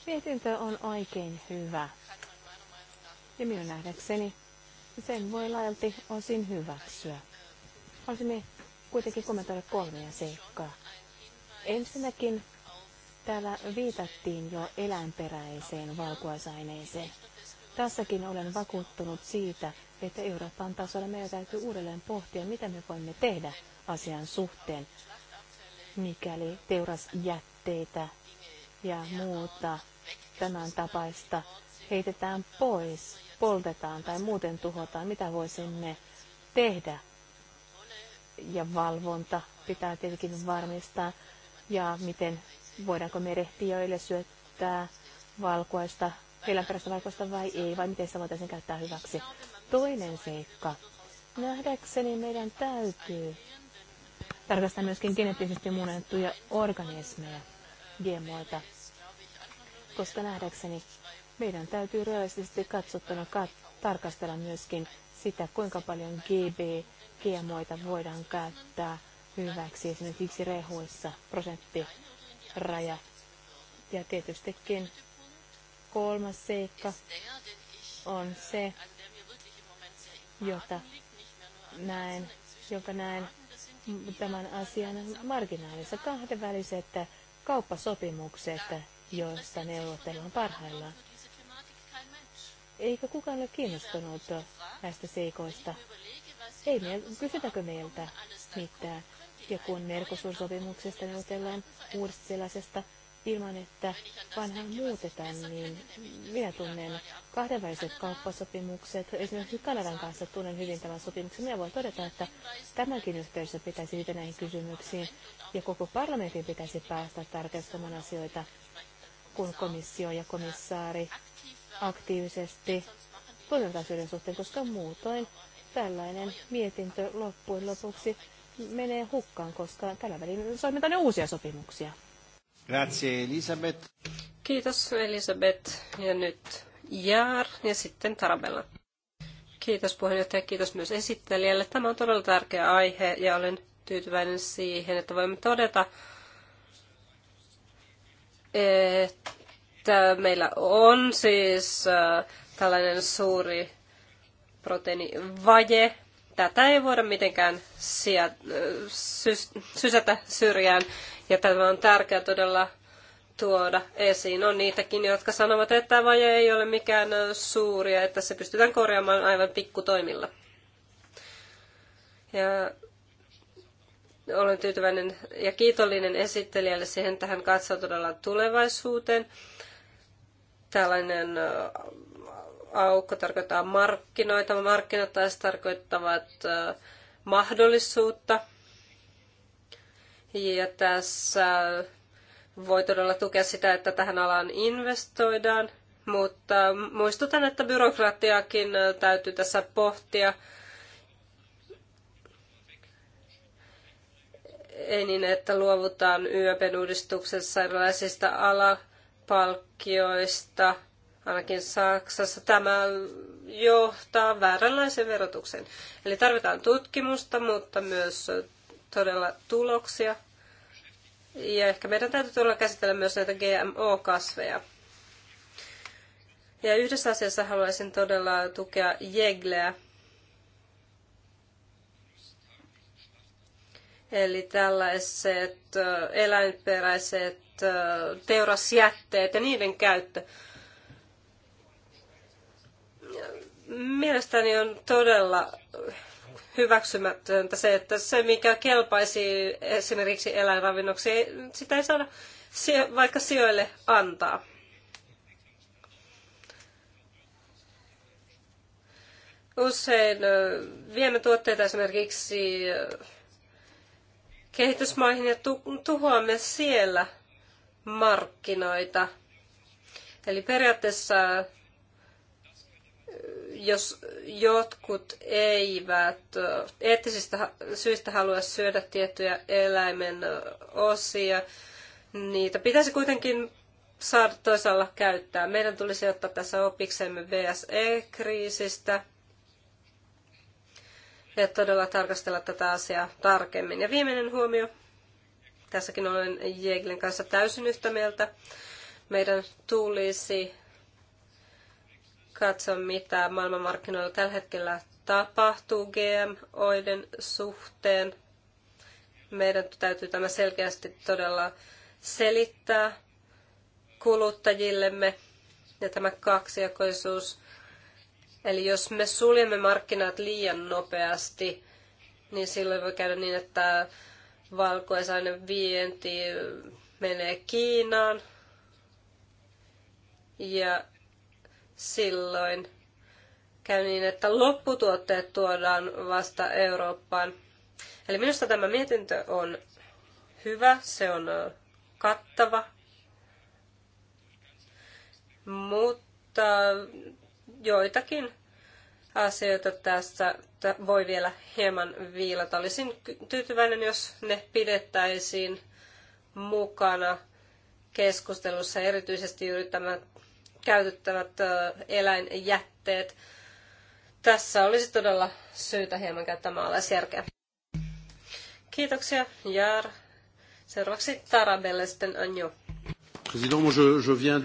Mietintö on oikein hyvä. Ja minun nähdäkseni sen voi laajalti osin hyväksyä. Haluaisimme kuitenkin kommentoida kolmea seikkaa. Ensinnäkin täällä viitattiin jo eläinperäiseen valkuaisaineeseen. Tässäkin olen vakuuttunut siitä, että Euroopan tasolla meidän täytyy uudelleen pohtia, mitä me voimme tehdä asian suhteen, mikäli teurasjätteitä ja muuta tämän tapaista heitetään pois poltetaan tai muuten tuhotaan, mitä voisimme tehdä. Ja valvonta pitää tietenkin varmistaa. Ja miten voidaanko merehtiöille syöttää valkoista, eläinperäistä valkoista vai ei, vai miten sitä voitaisiin käyttää hyväksi. Toinen seikka. Nähdäkseni meidän täytyy tarkastaa myöskin geneettisesti muunnettuja organismeja, gemoita, koska nähdäkseni meidän täytyy realistisesti katsottuna kat- tarkastella myöskin sitä, kuinka paljon GB, GMOita voidaan käyttää hyväksi esimerkiksi rehuissa prosenttiraja. Ja tietystikin kolmas seikka on se, jota näen, jonka näen tämän asian marginaalissa kahdenväliset kauppasopimukset, joista neuvotellaan parhaillaan. Eikä kukaan ole kiinnostunut näistä seikoista. Ei me, kysytäkö meiltä mitään. Ja kun Mercosur-sopimuksesta neuvotellaan uudesta sellaisesta ilman, että vanhaa muutetaan, niin minä tunnen kahdenväliset kauppasopimukset. Esimerkiksi Kanadan kanssa tunnen hyvin tämän sopimuksen. Minä voin todeta, että tämänkin yhteydessä pitäisi yhtä näihin kysymyksiin ja koko parlamentin pitäisi päästä tarkastamaan asioita, kun komissio ja komissaari aktiivisesti toimintaisuuden suhteen, koska muutoin tällainen mietintö loppujen lopuksi menee hukkaan, koska tällä välin saamme tänne uusia sopimuksia. Grazie Elisabeth. Kiitos Elisabeth ja nyt Jaar ja sitten Tarabella. Kiitos puheenjohtaja, kiitos myös esittelijälle. Tämä on todella tärkeä aihe ja olen tyytyväinen siihen, että voimme todeta, että että meillä on siis äh, tällainen suuri proteiinivaje. Tätä ei voida mitenkään äh, sysätä syrjään, ja tämä on tärkeää todella tuoda esiin. On niitäkin, jotka sanovat, että vaje ei ole mikään äh, suuri ja että se pystytään korjaamaan aivan pikkutoimilla. Ja olen tyytyväinen ja kiitollinen esittelijälle siihen, tähän katsoa todella tulevaisuuteen. Tällainen aukko tarkoittaa markkinoita, markkinat taas tarkoittavat mahdollisuutta. Ja tässä voi todella tukea sitä, että tähän alaan investoidaan, mutta muistutan, että byrokratiakin täytyy tässä pohtia. Ei niin, että luovutaan YÖPen uudistuksessa erilaisista ala- palkkioista, ainakin Saksassa, tämä johtaa vääränlaiseen verotukseen. Eli tarvitaan tutkimusta, mutta myös todella tuloksia. Ja ehkä meidän täytyy todella käsitellä myös näitä GMO-kasveja. Ja yhdessä asiassa haluaisin todella tukea Jegleä. Eli tällaiset eläinperäiset Äh, teurasjätteet ja niiden käyttö. Mielestäni on todella hyväksymätöntä se, että se mikä kelpaisi esimerkiksi eläinravinnoksi, sitä ei saada vaikka sijoille antaa. Usein viemme tuotteita esimerkiksi kehitysmaihin ja tuhoamme siellä markkinoita. Eli periaatteessa, jos jotkut eivät eettisistä syistä halua syödä tiettyjä eläimen osia, niitä pitäisi kuitenkin saada toisaalla käyttää. Meidän tulisi ottaa tässä opiksemme VSE-kriisistä ja todella tarkastella tätä asiaa tarkemmin. Ja viimeinen huomio Tässäkin olen Jeglen kanssa täysin yhtä mieltä. Meidän tulisi katsoa, mitä maailmanmarkkinoilla tällä hetkellä tapahtuu GM-oiden suhteen. Meidän täytyy tämä selkeästi todella selittää kuluttajillemme ja tämä kaksijakoisuus. Eli jos me suljemme markkinat liian nopeasti, niin silloin voi käydä niin, että valkoisainen vienti menee Kiinaan ja silloin käy niin, että lopputuotteet tuodaan vasta Eurooppaan. Eli minusta tämä mietintö on hyvä, se on kattava, mutta joitakin asioita tässä voi vielä hieman viilata. Olisin tyytyväinen, jos ne pidettäisiin mukana keskustelussa, erityisesti juuri tämä käytettävät eläinjätteet. Tässä olisi todella syytä hieman käyttää maalaisjärkeä. Kiitoksia, Jaar. Seuraavaksi Tarabelle sitten Anjo. Président, moi je, je viens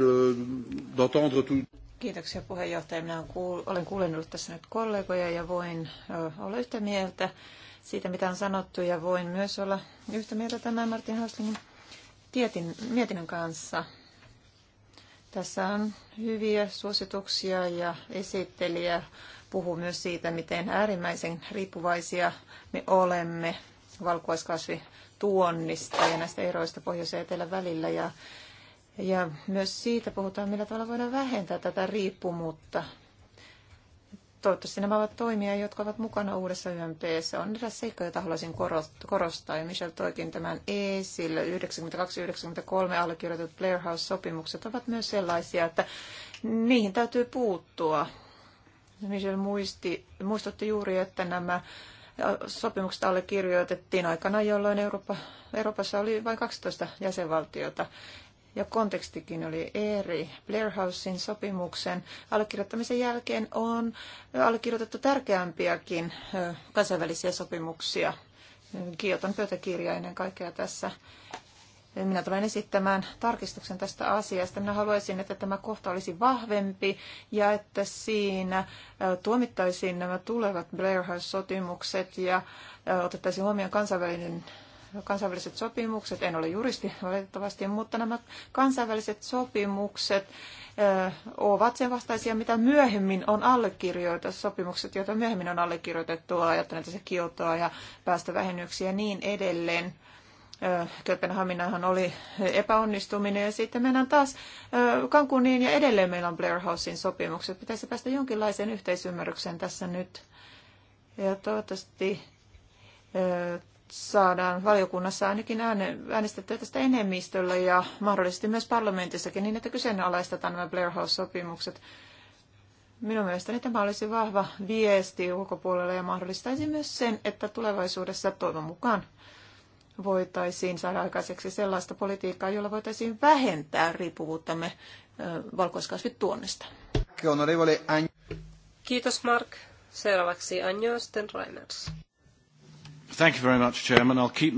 d'entendre de, tout. Kiitoksia puheenjohtaja. Minä olen kuulennut tässä nyt kollegoja ja voin olla yhtä mieltä siitä, mitä on sanottu ja voin myös olla yhtä mieltä tämän Martin Haslingin mietinnön kanssa. Tässä on hyviä suosituksia ja esittelijä puhuu myös siitä, miten äärimmäisen riippuvaisia me olemme valkuaiskasvituonnista ja näistä eroista pohjois- ja etelän välillä. Ja ja myös siitä puhutaan, millä tavalla voidaan vähentää tätä riippumutta. Toivottavasti nämä ovat toimia, jotka ovat mukana uudessa YMPssä. On eräs seikka, jota haluaisin korostaa, ja Michel toikin tämän esille. 92-93 allekirjoitetut Blair House-sopimukset ovat myös sellaisia, että niihin täytyy puuttua. Michel muisti, muistutti juuri, että nämä sopimukset allekirjoitettiin aikana, jolloin Eurooppa, Euroopassa oli vain 12 jäsenvaltiota ja kontekstikin oli eri. Blair Housein sopimuksen allekirjoittamisen jälkeen on allekirjoitettu tärkeämpiäkin kansainvälisiä sopimuksia. Kioton pöytäkirja ennen kaikkea tässä. Minä tulen esittämään tarkistuksen tästä asiasta. Minä haluaisin, että tämä kohta olisi vahvempi ja että siinä tuomittaisiin nämä tulevat Blair House-sotimukset ja otettaisiin huomioon kansainvälinen kansainväliset sopimukset, en ole juristi valitettavasti, mutta nämä kansainväliset sopimukset ovat sen vastaisia, mitä myöhemmin on allekirjoitettu, sopimukset, joita myöhemmin on allekirjoitettu, ajattelen tässä kiotoa ja päästövähennyksiä ja niin edelleen. Kööpenhaminahan oli epäonnistuminen ja sitten mennään taas Cancuniin ja edelleen meillä on Blair Housein sopimukset. Pitäisi päästä jonkinlaiseen yhteisymmärrykseen tässä nyt. Ja toivottavasti saadaan valiokunnassa ainakin äänestettyä tästä enemmistöllä ja mahdollisesti myös parlamentissakin niin, että kyseenalaistetaan nämä Blair House-sopimukset. Minun mielestäni tämä olisi vahva viesti ulkopuolelle ja mahdollistaisi myös sen, että tulevaisuudessa toivon mukaan voitaisiin saada aikaiseksi sellaista politiikkaa, jolla voitaisiin vähentää riippuvuuttamme valkoiskasvituonnista. Kiitos Mark. Seuraavaksi Anjo Stenreiners. Thank you very much, Chairman. I'll keep...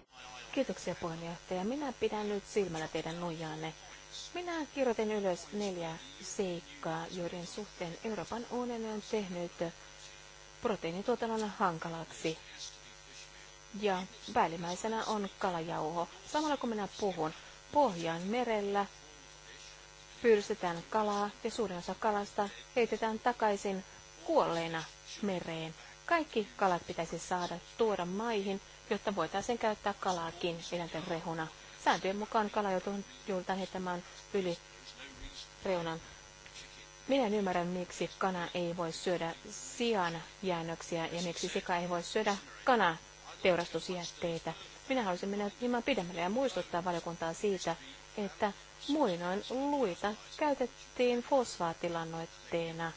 Kiitoksia puheenjohtaja. Minä pidän nyt silmällä teidän nojaanne. Minä kirjoitin ylös neljä seikkaa, joiden suhteen Euroopan unioni on tehnyt proteiinituotannon hankalaksi. Ja päällimmäisenä on kalajauho. Samalla kun minä puhun, Pohjan merellä pyydystetään kalaa ja suurin osa kalasta heitetään takaisin kuolleena mereen. Kaikki kalat pitäisi saada tuoda maihin, jotta voitaisiin käyttää kalaakin eläinten rehuna. Sääntöjen mukaan kala joudutaan heittämään yli reunan. Minä en ymmärrä, miksi kana ei voi syödä sian jäännöksiä ja miksi sika ei voi syödä kana teurastusjätteitä. Minä haluaisin mennä hieman pidemmälle ja muistuttaa valiokuntaa siitä, että muinoin luita käytettiin fosfaatilannoitteena.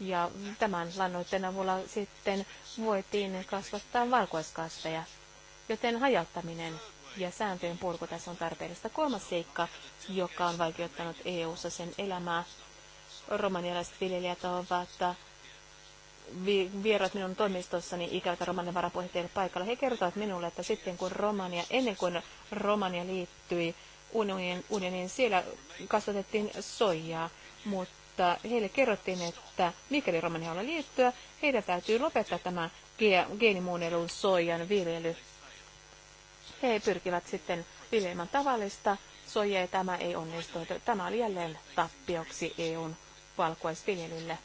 Ja tämän lannoitteen avulla sitten voitiin kasvattaa valkoiskasveja. joten hajauttaminen ja sääntöjen purku tässä on tarpeellista. Kolmas seikka, joka on vaikeuttanut EU-ssa sen elämää, romanialaiset viljelijät ovat vieraat minun toimistossani, ikävä Romanian varapuheenjohtajille paikalla. He kertovat minulle, että sitten kun Romania, ennen kuin Romania liittyi unionin, unionin siellä kasvatettiin soijaa, mutta mutta heille kerrottiin, että mikäli Romania haluaa liittyä, heidän täytyy lopettaa tämä geenimuunnelun soijan viljely. He pyrkivät sitten viljelemään tavallista soijaa ja tämä ei onnistu. Tämä oli jälleen tappioksi EUn valkuaisviljelylle.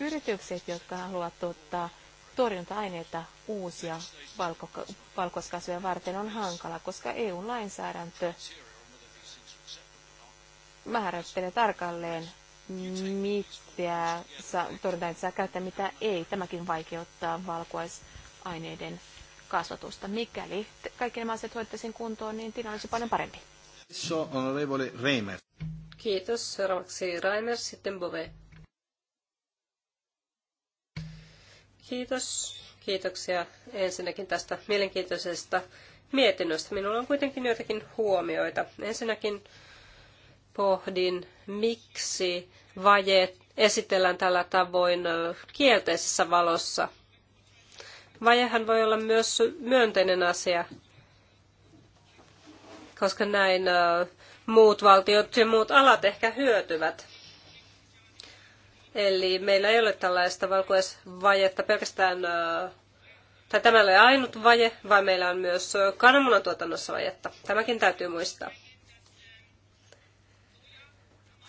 Yritykset, jotka haluavat tuottaa torjunta-aineita uusia valko- valkoiskasvien varten on hankala, koska EUn lainsäädäntö määrittelee tarkalleen mitä että saa käyttää, mitä ei. Tämäkin vaikeuttaa valkuaisaineiden kasvatusta. Mikäli kaikki nämä asiat hoitaisiin kuntoon, niin tilanne olisi paljon parempi. Kiitos. Seuraavaksi Reimer, sitten Bove. Kiitos. Kiitoksia ensinnäkin tästä mielenkiintoisesta mietinnöstä. Minulla on kuitenkin joitakin huomioita. Ensinnäkin pohdin, miksi vajeet esitellään tällä tavoin kielteisessä valossa. Vajehan voi olla myös myönteinen asia, koska näin muut valtiot ja muut alat ehkä hyötyvät. Eli meillä ei ole tällaista valkuaisvajetta pelkästään, tai tämä ei ole ainut vaje, vaan meillä on myös kananmunan tuotannossa vajetta. Tämäkin täytyy muistaa.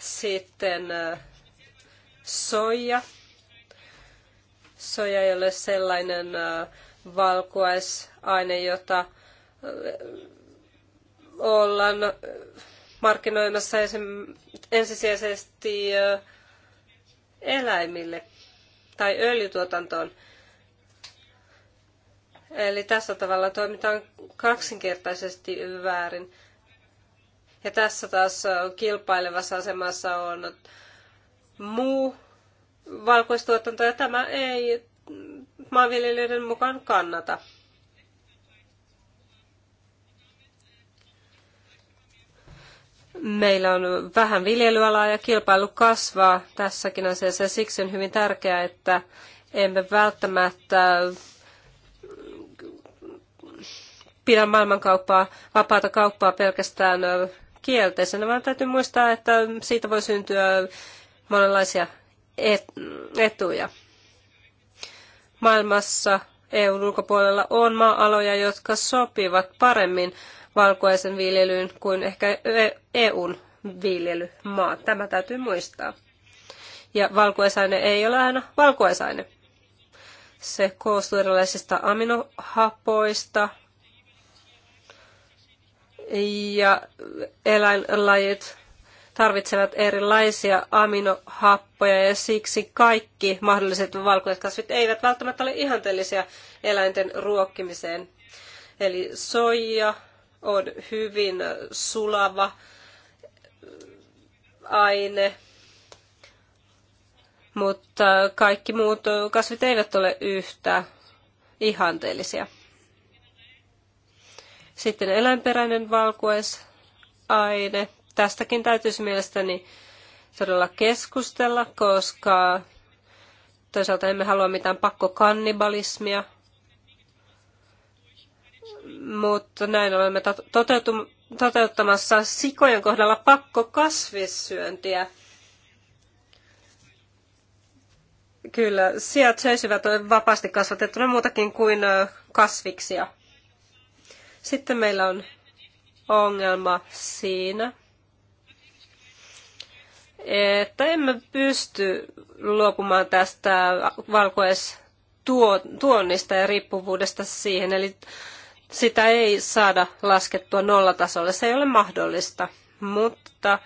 Sitten soja, Soja ei ole sellainen valkuaisaine, jota ollaan markkinoimassa ensisijaisesti eläimille tai öljytuotantoon. Eli tässä tavalla toimitaan kaksinkertaisesti väärin. Ja tässä taas kilpailevassa asemassa on muu valkoistuotanto, ja tämä ei maanviljelijöiden mukaan kannata. Meillä on vähän viljelyalaa ja kilpailu kasvaa tässäkin asiassa ja siksi on hyvin tärkeää, että emme välttämättä pidä maailmankauppaa, vapaata kauppaa pelkästään kielteisenä, vaan täytyy muistaa, että siitä voi syntyä monenlaisia etuja. Maailmassa EUn ulkopuolella on maa-aloja, jotka sopivat paremmin valkoisen viljelyyn kuin ehkä e- EUn viljelymaa. Tämä täytyy muistaa. Ja valkoisaine ei ole aina valkoisaine. Se koostuu erilaisista aminohapoista, ja eläinlajit tarvitsevat erilaisia aminohappoja ja siksi kaikki mahdolliset valkoiset kasvit eivät välttämättä ole ihanteellisia eläinten ruokkimiseen. Eli soija on hyvin sulava aine, mutta kaikki muut kasvit eivät ole yhtä ihanteellisia. Sitten eläinperäinen valkuaisaine. Tästäkin täytyisi mielestäni todella keskustella, koska toisaalta emme halua mitään pakkokannibalismia, mutta näin olemme toteuttamassa sikojen kohdalla pakkokasvissyöntiä. Kyllä, sijat söisivät vapaasti kasvatettuna muutakin kuin kasviksia. Sitten meillä on ongelma siinä, että emme pysty luopumaan tästä valkoistuonnista ja riippuvuudesta siihen. Eli sitä ei saada laskettua nollatasolle. Se ei ole mahdollista. Mutta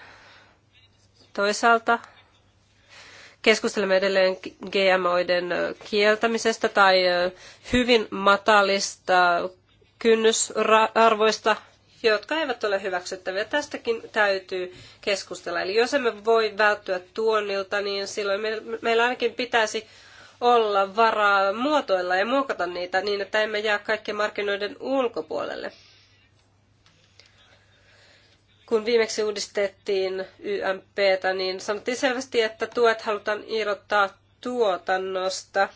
toisaalta keskustelemme edelleen GMOiden kieltämisestä tai hyvin matalista kynnysarvoista, jotka eivät ole hyväksyttäviä. Tästäkin täytyy keskustella. Eli jos emme voi välttyä tuonnilta, niin silloin meillä ainakin pitäisi olla varaa muotoilla ja muokata niitä niin, että emme jää kaikkien markkinoiden ulkopuolelle. Kun viimeksi uudistettiin YMPtä, niin sanottiin selvästi, että tuet halutaan irrottaa tuotannosta –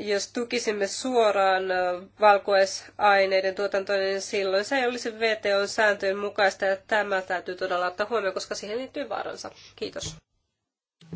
Jos tukisimme suoraan valkuaisaineiden tuotantoa, niin silloin se ei olisi VTOn sääntöjen mukaista ja tämä täytyy todella ottaa huomioon, koska siihen liittyy vaaransa. Kiitos.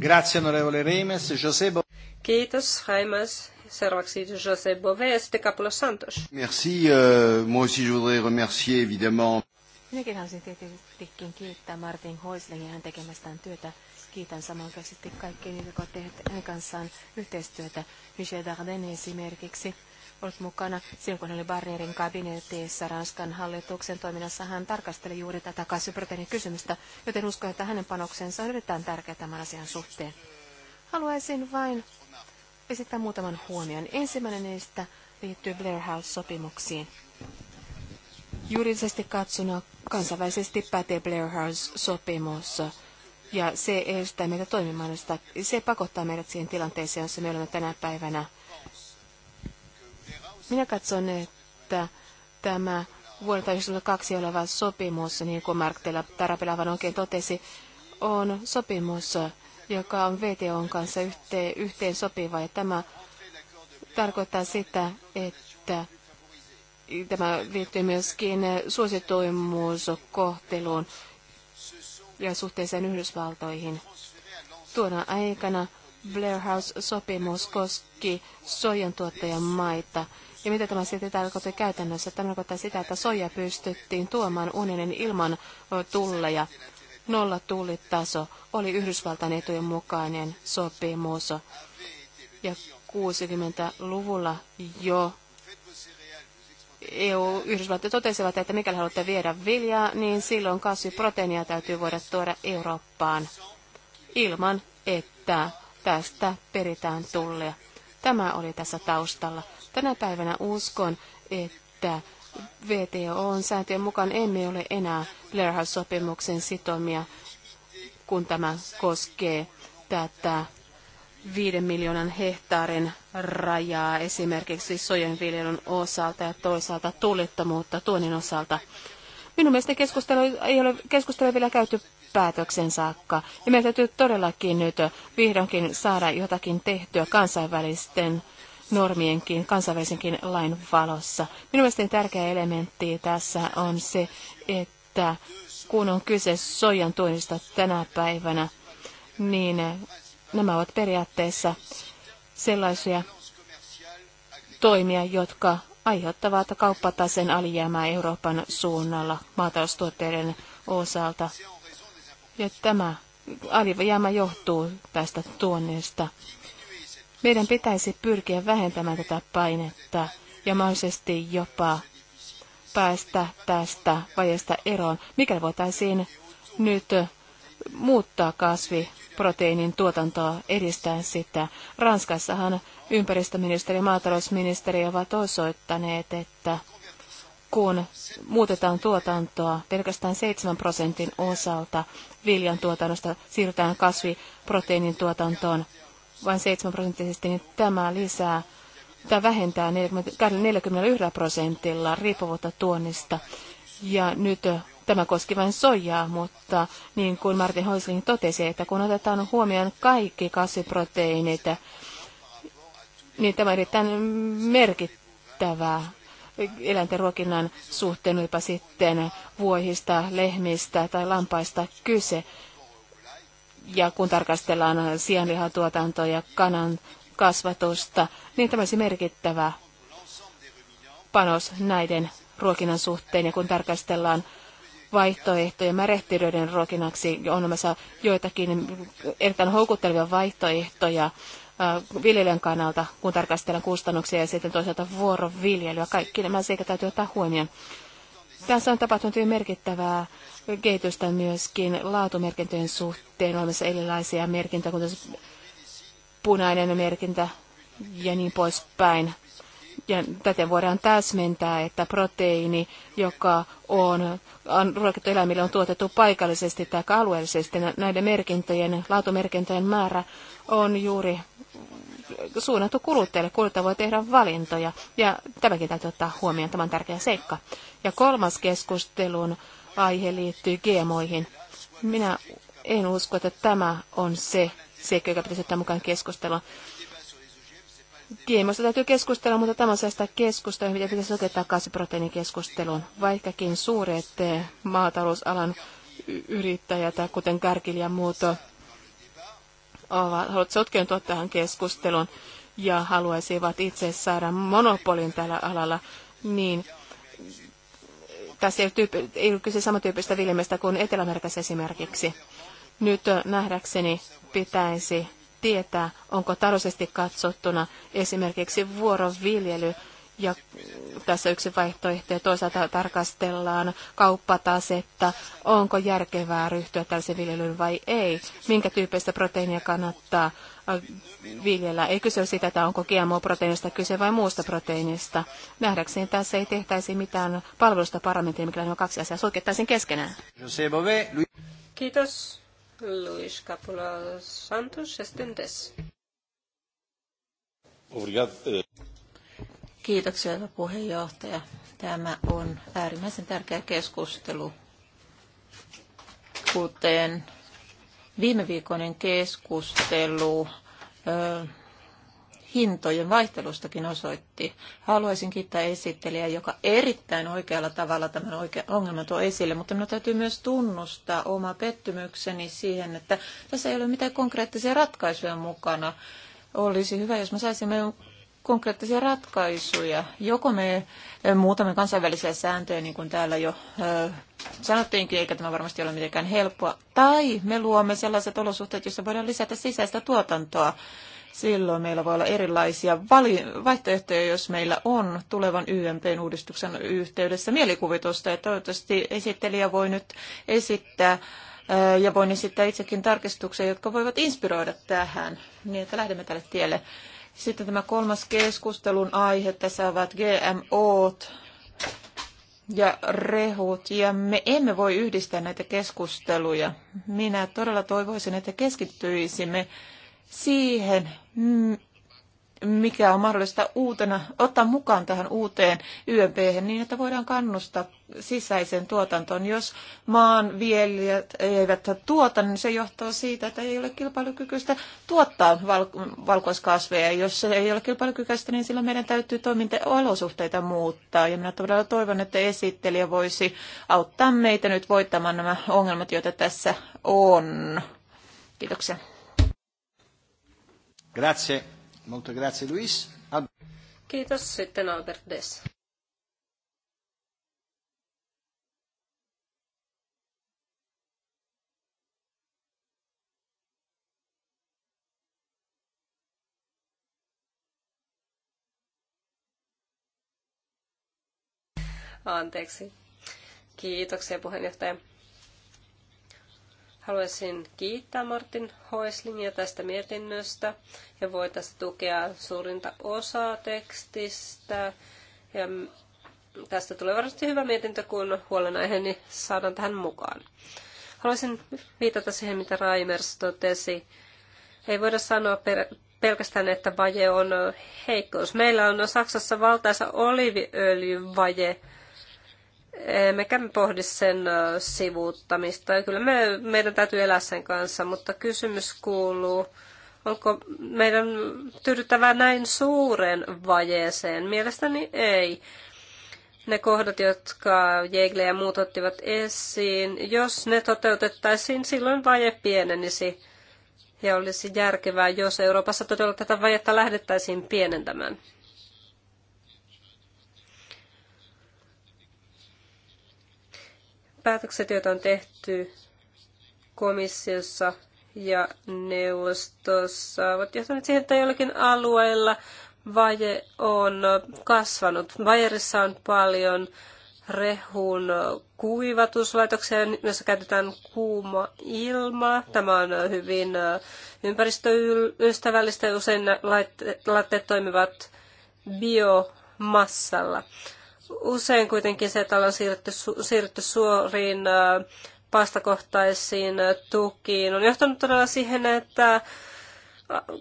Grazie, onorevole Reimes. Bo... Kiitos, Reimes. Seuraavaksi José Bové ja sitten Capula Santos. Merci. Uh, moi aussi je voudrais remercier évidemment. Minäkin haluaisin tietystikin kiittää Martin Hoislingin hän tekemästään työtä Kiitän samankaisesti kaikkia niitä, jotka ovat tehneet hänen kanssaan yhteistyötä. Michel Darden esimerkiksi ollut mukana silloin, kun hän oli Barnierin kabineteissa Ranskan hallituksen toiminnassa. Hän tarkasteli juuri tätä kasviproteiinin kysymystä, joten uskon, että hänen panoksensa on erittäin tärkeä tämän asian suhteen. Haluaisin vain esittää muutaman huomion. Ensimmäinen niistä liittyy Blair House-sopimuksiin. Juridisesti katsona kansainvälisesti pätee Blair House-sopimus. Ja se estää meitä toimimaan Se pakottaa meidät siihen tilanteeseen, jossa me olemme tänä päivänä. Minä katson, että tämä vuodelta 1992 oleva sopimus, niin kuin Mark Tarapela oikein totesi, on sopimus, joka on VTOn kanssa yhteen, yhteen sopiva. Ja tämä tarkoittaa sitä, että tämä liittyy myöskin suosituimmuuskohteluun ja suhteeseen Yhdysvaltoihin. Tuona aikana Blair House-sopimus koski soijan tuottajan maita. Ja mitä tämä sitten tarkoitti käytännössä? Tämä tarkoittaa sitä, että soja pystyttiin tuomaan unionin ilman tulleja. Nolla tullitaso oli Yhdysvaltain etujen mukainen sopimus. Ja 60-luvulla jo EU-Yhdysvallat totesivat, että mikäli haluatte viedä viljaa, niin silloin kasviproteiinia täytyy voida tuoda Eurooppaan ilman, että tästä peritään tulleja. Tämä oli tässä taustalla. Tänä päivänä uskon, että VTO on sääntöjen mukaan emme ole enää Blair sopimuksen sitomia, kun tämä koskee tätä viiden miljoonan hehtaarin rajaa esimerkiksi viljelyn osalta ja toisaalta tullittomuutta tuonin osalta. Minun mielestäni keskustelu ei ole keskustelu vielä käyty päätöksen saakka. Ja meidän täytyy todellakin nyt vihdoinkin saada jotakin tehtyä kansainvälisten normienkin, kansainvälisenkin lain valossa. Minun mielestäni tärkeä elementti tässä on se, että kun on kyse sojan tuonnista tänä päivänä, niin Nämä ovat periaatteessa sellaisia toimia, jotka aiheuttavat kauppataseen alijäämää Euroopan suunnalla maataloustuotteiden osalta. Ja tämä alijäämä johtuu tästä tuonneesta. Meidän pitäisi pyrkiä vähentämään tätä painetta ja mahdollisesti jopa päästä tästä vajeesta eroon, mikä voitaisiin nyt muuttaa kasviproteiinin tuotantoa, edistäen sitä. Ranskassahan ympäristöministeri ja maatalousministeri ovat osoittaneet, että kun muutetaan tuotantoa pelkästään 7 prosentin osalta viljan tuotannosta siirrytään kasviproteiinin tuotantoon vain 7 prosenttisesti, niin tämä lisää tämä vähentää 41 prosentilla riippuvuutta tuonnista. Ja nyt Tämä koski vain soijaa, mutta niin kuin Martin Hoisling totesi, että kun otetaan huomioon kaikki kasviproteiinit, niin tämä on erittäin merkittävää eläinten ruokinnan suhteen, olipa sitten vuohista, lehmistä tai lampaista kyse. Ja kun tarkastellaan sianlihatuotantoa ja kanan kasvatusta, niin tämä olisi merkittävä panos näiden ruokinnan suhteen. Ja kun tarkastellaan vaihtoehtoja märehtyröiden ruokinnaksi on olemassa joitakin erittäin houkuttelevia vaihtoehtoja äh, viljelijän kannalta, kun tarkastellaan kustannuksia ja sitten toisaalta vuoroviljelyä. Kaikki nämä seikat täytyy ottaa huomioon. Tässä on tapahtunut hyvin merkittävää kehitystä myöskin laatumerkintöjen suhteen. On olemassa erilaisia merkintöjä, kuten punainen merkintä ja niin poispäin ja täten voidaan täsmentää, että proteiini, joka on, on ruokittu eläimille, on tuotettu paikallisesti tai alueellisesti. Näiden merkintöjen, laatumerkintöjen määrä on juuri suunnattu kuluttajille Kuluttaja voi tehdä valintoja ja tämäkin täytyy ottaa huomioon. Tämä on tärkeä seikka. Ja kolmas keskustelun aihe liittyy GMOihin. Minä en usko, että tämä on se seikka, joka pitäisi ottaa mukaan keskustelua. Kiimosta täytyy keskustella, mutta tämä on sellaista keskustelua, mitä pitäisi sokeuttaa kasviproteiinikeskusteluun. Vaikkakin suuret eh, maatalousalan yrittäjät, kuten Kärkil ja muut, ovat haluavat sotkeentua tähän keskusteluun ja haluaisivat itse saada monopolin tällä alalla, niin tässä ei ole, tyyppi, ei ole kyse samantyyppistä viljelmästä kuin Etelä-Amerikassa esimerkiksi. Nyt eh, nähdäkseni pitäisi tietää, onko taloudellisesti katsottuna esimerkiksi vuoroviljely ja tässä yksi vaihtoehto ja toisaalta tarkastellaan kauppatasetta, onko järkevää ryhtyä tällaisen viljelyyn vai ei, minkä tyyppistä proteiinia kannattaa äh, viljellä. Ei kyse ole sitä, että onko GMO-proteiinista kyse vai muusta proteiinista. Nähdäkseni tässä ei tehtäisi mitään palvelusta parlamentin, mikä on kaksi asiaa sotkettaisiin keskenään. Kiitos. Luis Capula Santos Estendes. Eh. Kiitoksia puheenjohtaja. Tämä on äärimmäisen tärkeä keskustelu. Kuten viime viikonin keskustelu hintojen vaihtelustakin osoitti. Haluaisin kiittää esittelijää, joka erittäin oikealla tavalla tämän ongelman tuo esille, mutta minun täytyy myös tunnustaa oma pettymykseni siihen, että tässä ei ole mitään konkreettisia ratkaisuja mukana. Olisi hyvä, jos me saisimme konkreettisia ratkaisuja. Joko me e, muutamme kansainvälisiä sääntöjä, niin kuin täällä jo e, sanottiinkin, eikä tämä varmasti ole mitenkään helppoa, tai me luomme sellaiset olosuhteet, joissa voidaan lisätä sisäistä tuotantoa Silloin meillä voi olla erilaisia vaihtoehtoja, jos meillä on tulevan YMPn uudistuksen yhteydessä mielikuvitusta. Ja toivottavasti esittelijä voi nyt esittää ja voin esittää itsekin tarkistuksia, jotka voivat inspiroida tähän, niin että lähdemme tälle tielle. Sitten tämä kolmas keskustelun aihe, tässä ovat GMOt ja rehut, ja me emme voi yhdistää näitä keskusteluja. Minä todella toivoisin, että keskittyisimme siihen, mikä on mahdollista uutena, ottaa mukaan tähän uuteen YMP, niin että voidaan kannustaa sisäiseen tuotantoon. Jos maan viljelijät eivät tuota, niin se johtaa siitä, että ei ole kilpailukykyistä tuottaa valkoiskasveja. Jos se ei ole kilpailukykyistä, niin silloin meidän täytyy toimintaolosuhteita muuttaa. Ja minä todella toivon, että esittelijä voisi auttaa meitä nyt voittamaan nämä ongelmat, joita tässä on. Kiitoksia. Grazie. Molto grazie, Luis. Ad... Kiitos. Sitten Albert Dess. Anteeksi. Kiitoksia puheenjohtaja. Haluaisin kiittää Martin Hoislingia tästä mietinnöstä ja voitaisiin tukea suurinta osaa tekstistä. Ja tästä tulee varmasti hyvä mietintö, kun huolenaiheeni saadaan tähän mukaan. Haluaisin viitata siihen, mitä Raimers totesi. Ei voida sanoa per- pelkästään, että vaje on heikkous. Meillä on Saksassa valtaisa oliviöljyvaje. vaje Emmekä me pohdi sen sivuuttamista. Kyllä me, meidän täytyy elää sen kanssa, mutta kysymys kuuluu, onko meidän tyydyttävää näin suuren vajeeseen? Mielestäni ei. Ne kohdat, jotka Jegle ja muut ottivat esiin, jos ne toteutettaisiin, silloin vaje pienenisi. Ja olisi järkevää, jos Euroopassa todella tätä vajetta lähdettäisiin pienentämään. päätökset, joita on tehty komissiossa ja neuvostossa, ovat johtaneet siihen, että jollakin alueella vaje on kasvanut. Vajerissa on paljon rehun kuivatuslaitoksia, joissa käytetään kuuma ilma. Tämä on hyvin ympäristöystävällistä. Usein laitteet toimivat biomassalla. Usein kuitenkin se, että ollaan siirrytty, siirrytty suoriin pastakohtaisiin tukiin, on johtanut todella siihen, että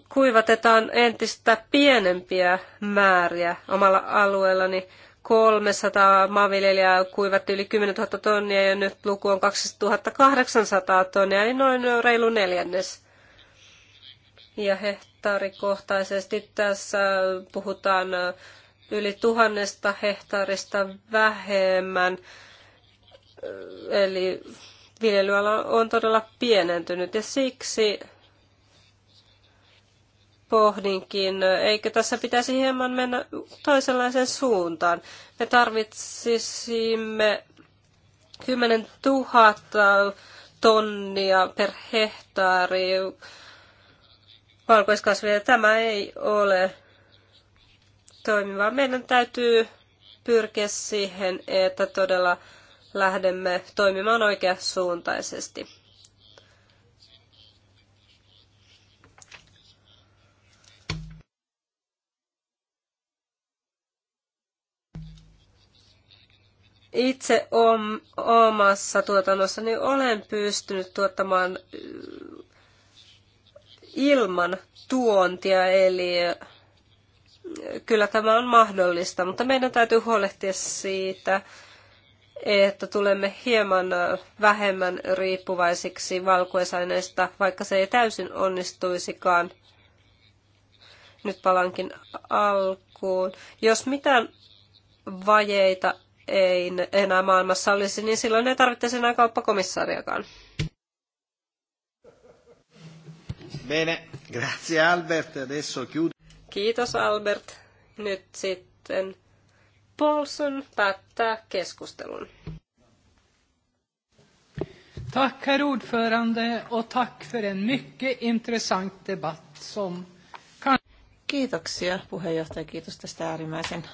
kuivatetaan entistä pienempiä määriä omalla alueellani. 300 maanviljelijää kuivatti yli 10 000 tonnia ja nyt luku on 2800 tonnia, eli noin reilu neljännes. Ja hehtaarikohtaisesti tässä puhutaan yli tuhannesta hehtaarista vähemmän. Eli viljelyala on todella pienentynyt ja siksi pohdinkin, eikö tässä pitäisi hieman mennä toisenlaiseen suuntaan. Me tarvitsisimme 10 000 tonnia per hehtaari valkoiskasveja. Tämä ei ole toimiva. Meidän täytyy pyrkiä siihen, että todella lähdemme toimimaan oikeasuuntaisesti. Itse omassa tuotannossani olen pystynyt tuottamaan ilman tuontia, eli kyllä tämä on mahdollista, mutta meidän täytyy huolehtia siitä, että tulemme hieman vähemmän riippuvaisiksi valkuaisaineista, vaikka se ei täysin onnistuisikaan. Nyt palankin alkuun. Jos mitään vajeita ei enää maailmassa olisi, niin silloin ei tarvittaisi enää kauppakomissaariakaan. Bene, grazie Albert. Adesso chiudo. Kiitos Albert. Nyt sitten Paulson päättää keskustelun. Tack herr ordförande och tack för en mycket intressant debatt som kan... Kiitoksia puheenjohtaja, kiitos tästä äärimmäisen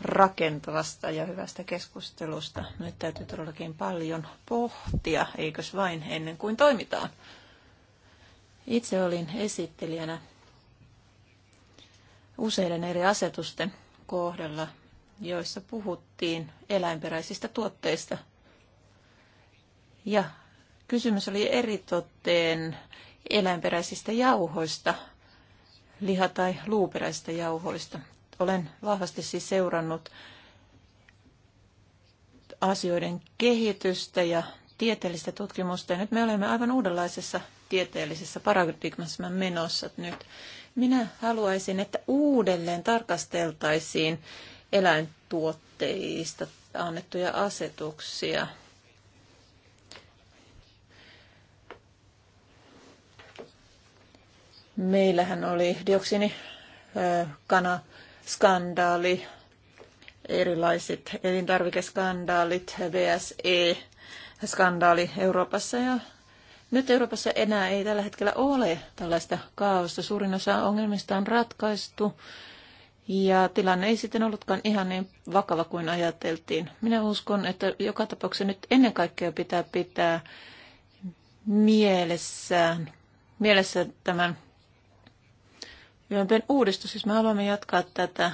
rakentavasta ja hyvästä keskustelusta. Nyt täytyy todellakin paljon pohtia, eikös vain ennen kuin toimitaan. Itse olin esittelijänä useiden eri asetusten kohdalla, joissa puhuttiin eläinperäisistä tuotteista. Ja kysymys oli eritoteen eläinperäisistä jauhoista, liha- tai luuperäisistä jauhoista. Olen vahvasti siis seurannut asioiden kehitystä ja tieteellistä tutkimusta. Ja nyt me olemme aivan uudenlaisessa tieteellisessä paradigmassa menossa nyt. Minä haluaisin, että uudelleen tarkasteltaisiin eläintuotteista annettuja asetuksia. Meillähän oli dioksini kana skandaali, erilaiset elintarvikeskandaalit, VSE, skandaali Euroopassa ja nyt Euroopassa enää ei tällä hetkellä ole tällaista kaaosta. Suurin osa ongelmista on ratkaistu ja tilanne ei sitten ollutkaan ihan niin vakava kuin ajateltiin. Minä uskon, että joka tapauksessa nyt ennen kaikkea pitää pitää mielessään, mielessä tämän YMPn uudistus. Siis me haluamme jatkaa tätä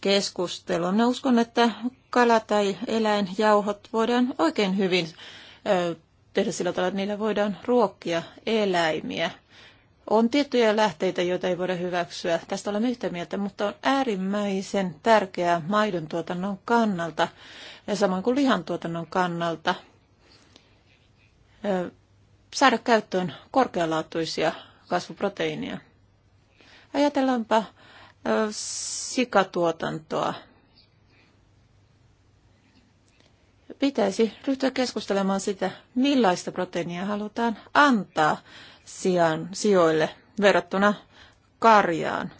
keskustelua. Minä uskon, että kala tai eläinjauhot voidaan oikein hyvin tehdä sillä tavalla, että niillä voidaan ruokkia eläimiä. On tiettyjä lähteitä, joita ei voida hyväksyä. Tästä olemme yhtä mieltä, mutta on äärimmäisen tärkeää maidon tuotannon kannalta ja samoin kuin lihan tuotannon kannalta saada käyttöön korkealaatuisia kasvuproteiineja. Ajatellaanpa sikatuotantoa pitäisi ryhtyä keskustelemaan sitä, millaista proteiinia halutaan antaa sian sijoille verrattuna karjaan.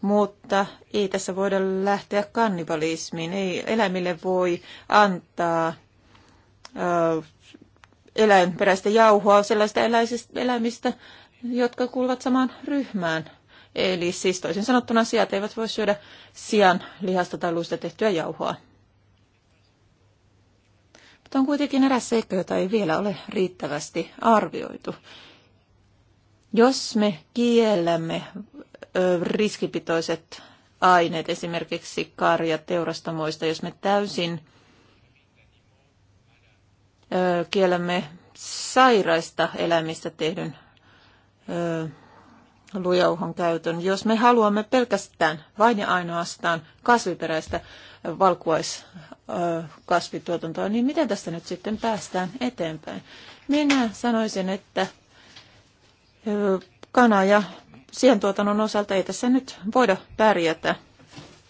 Mutta ei tässä voida lähteä kannibalismiin. Ei eläimille voi antaa ö, eläinperäistä jauhoa sellaista eläimistä, jotka kuuluvat samaan ryhmään. Eli siis toisin sanottuna sijat eivät voi syödä sian lihasta tai luista tehtyä jauhoa. Mutta on kuitenkin eräs seikka, jota ei vielä ole riittävästi arvioitu. Jos me kiellämme riskipitoiset aineet, esimerkiksi karja teurastamoista, jos me täysin kiellämme sairaista eläimistä tehdyn lujauhon käytön. Jos me haluamme pelkästään vain ja ainoastaan kasviperäistä valkuaiskasvituotantoa, niin miten tästä nyt sitten päästään eteenpäin? Minä sanoisin, että kana- ja sientuotannon osalta ei tässä nyt voida pärjätä.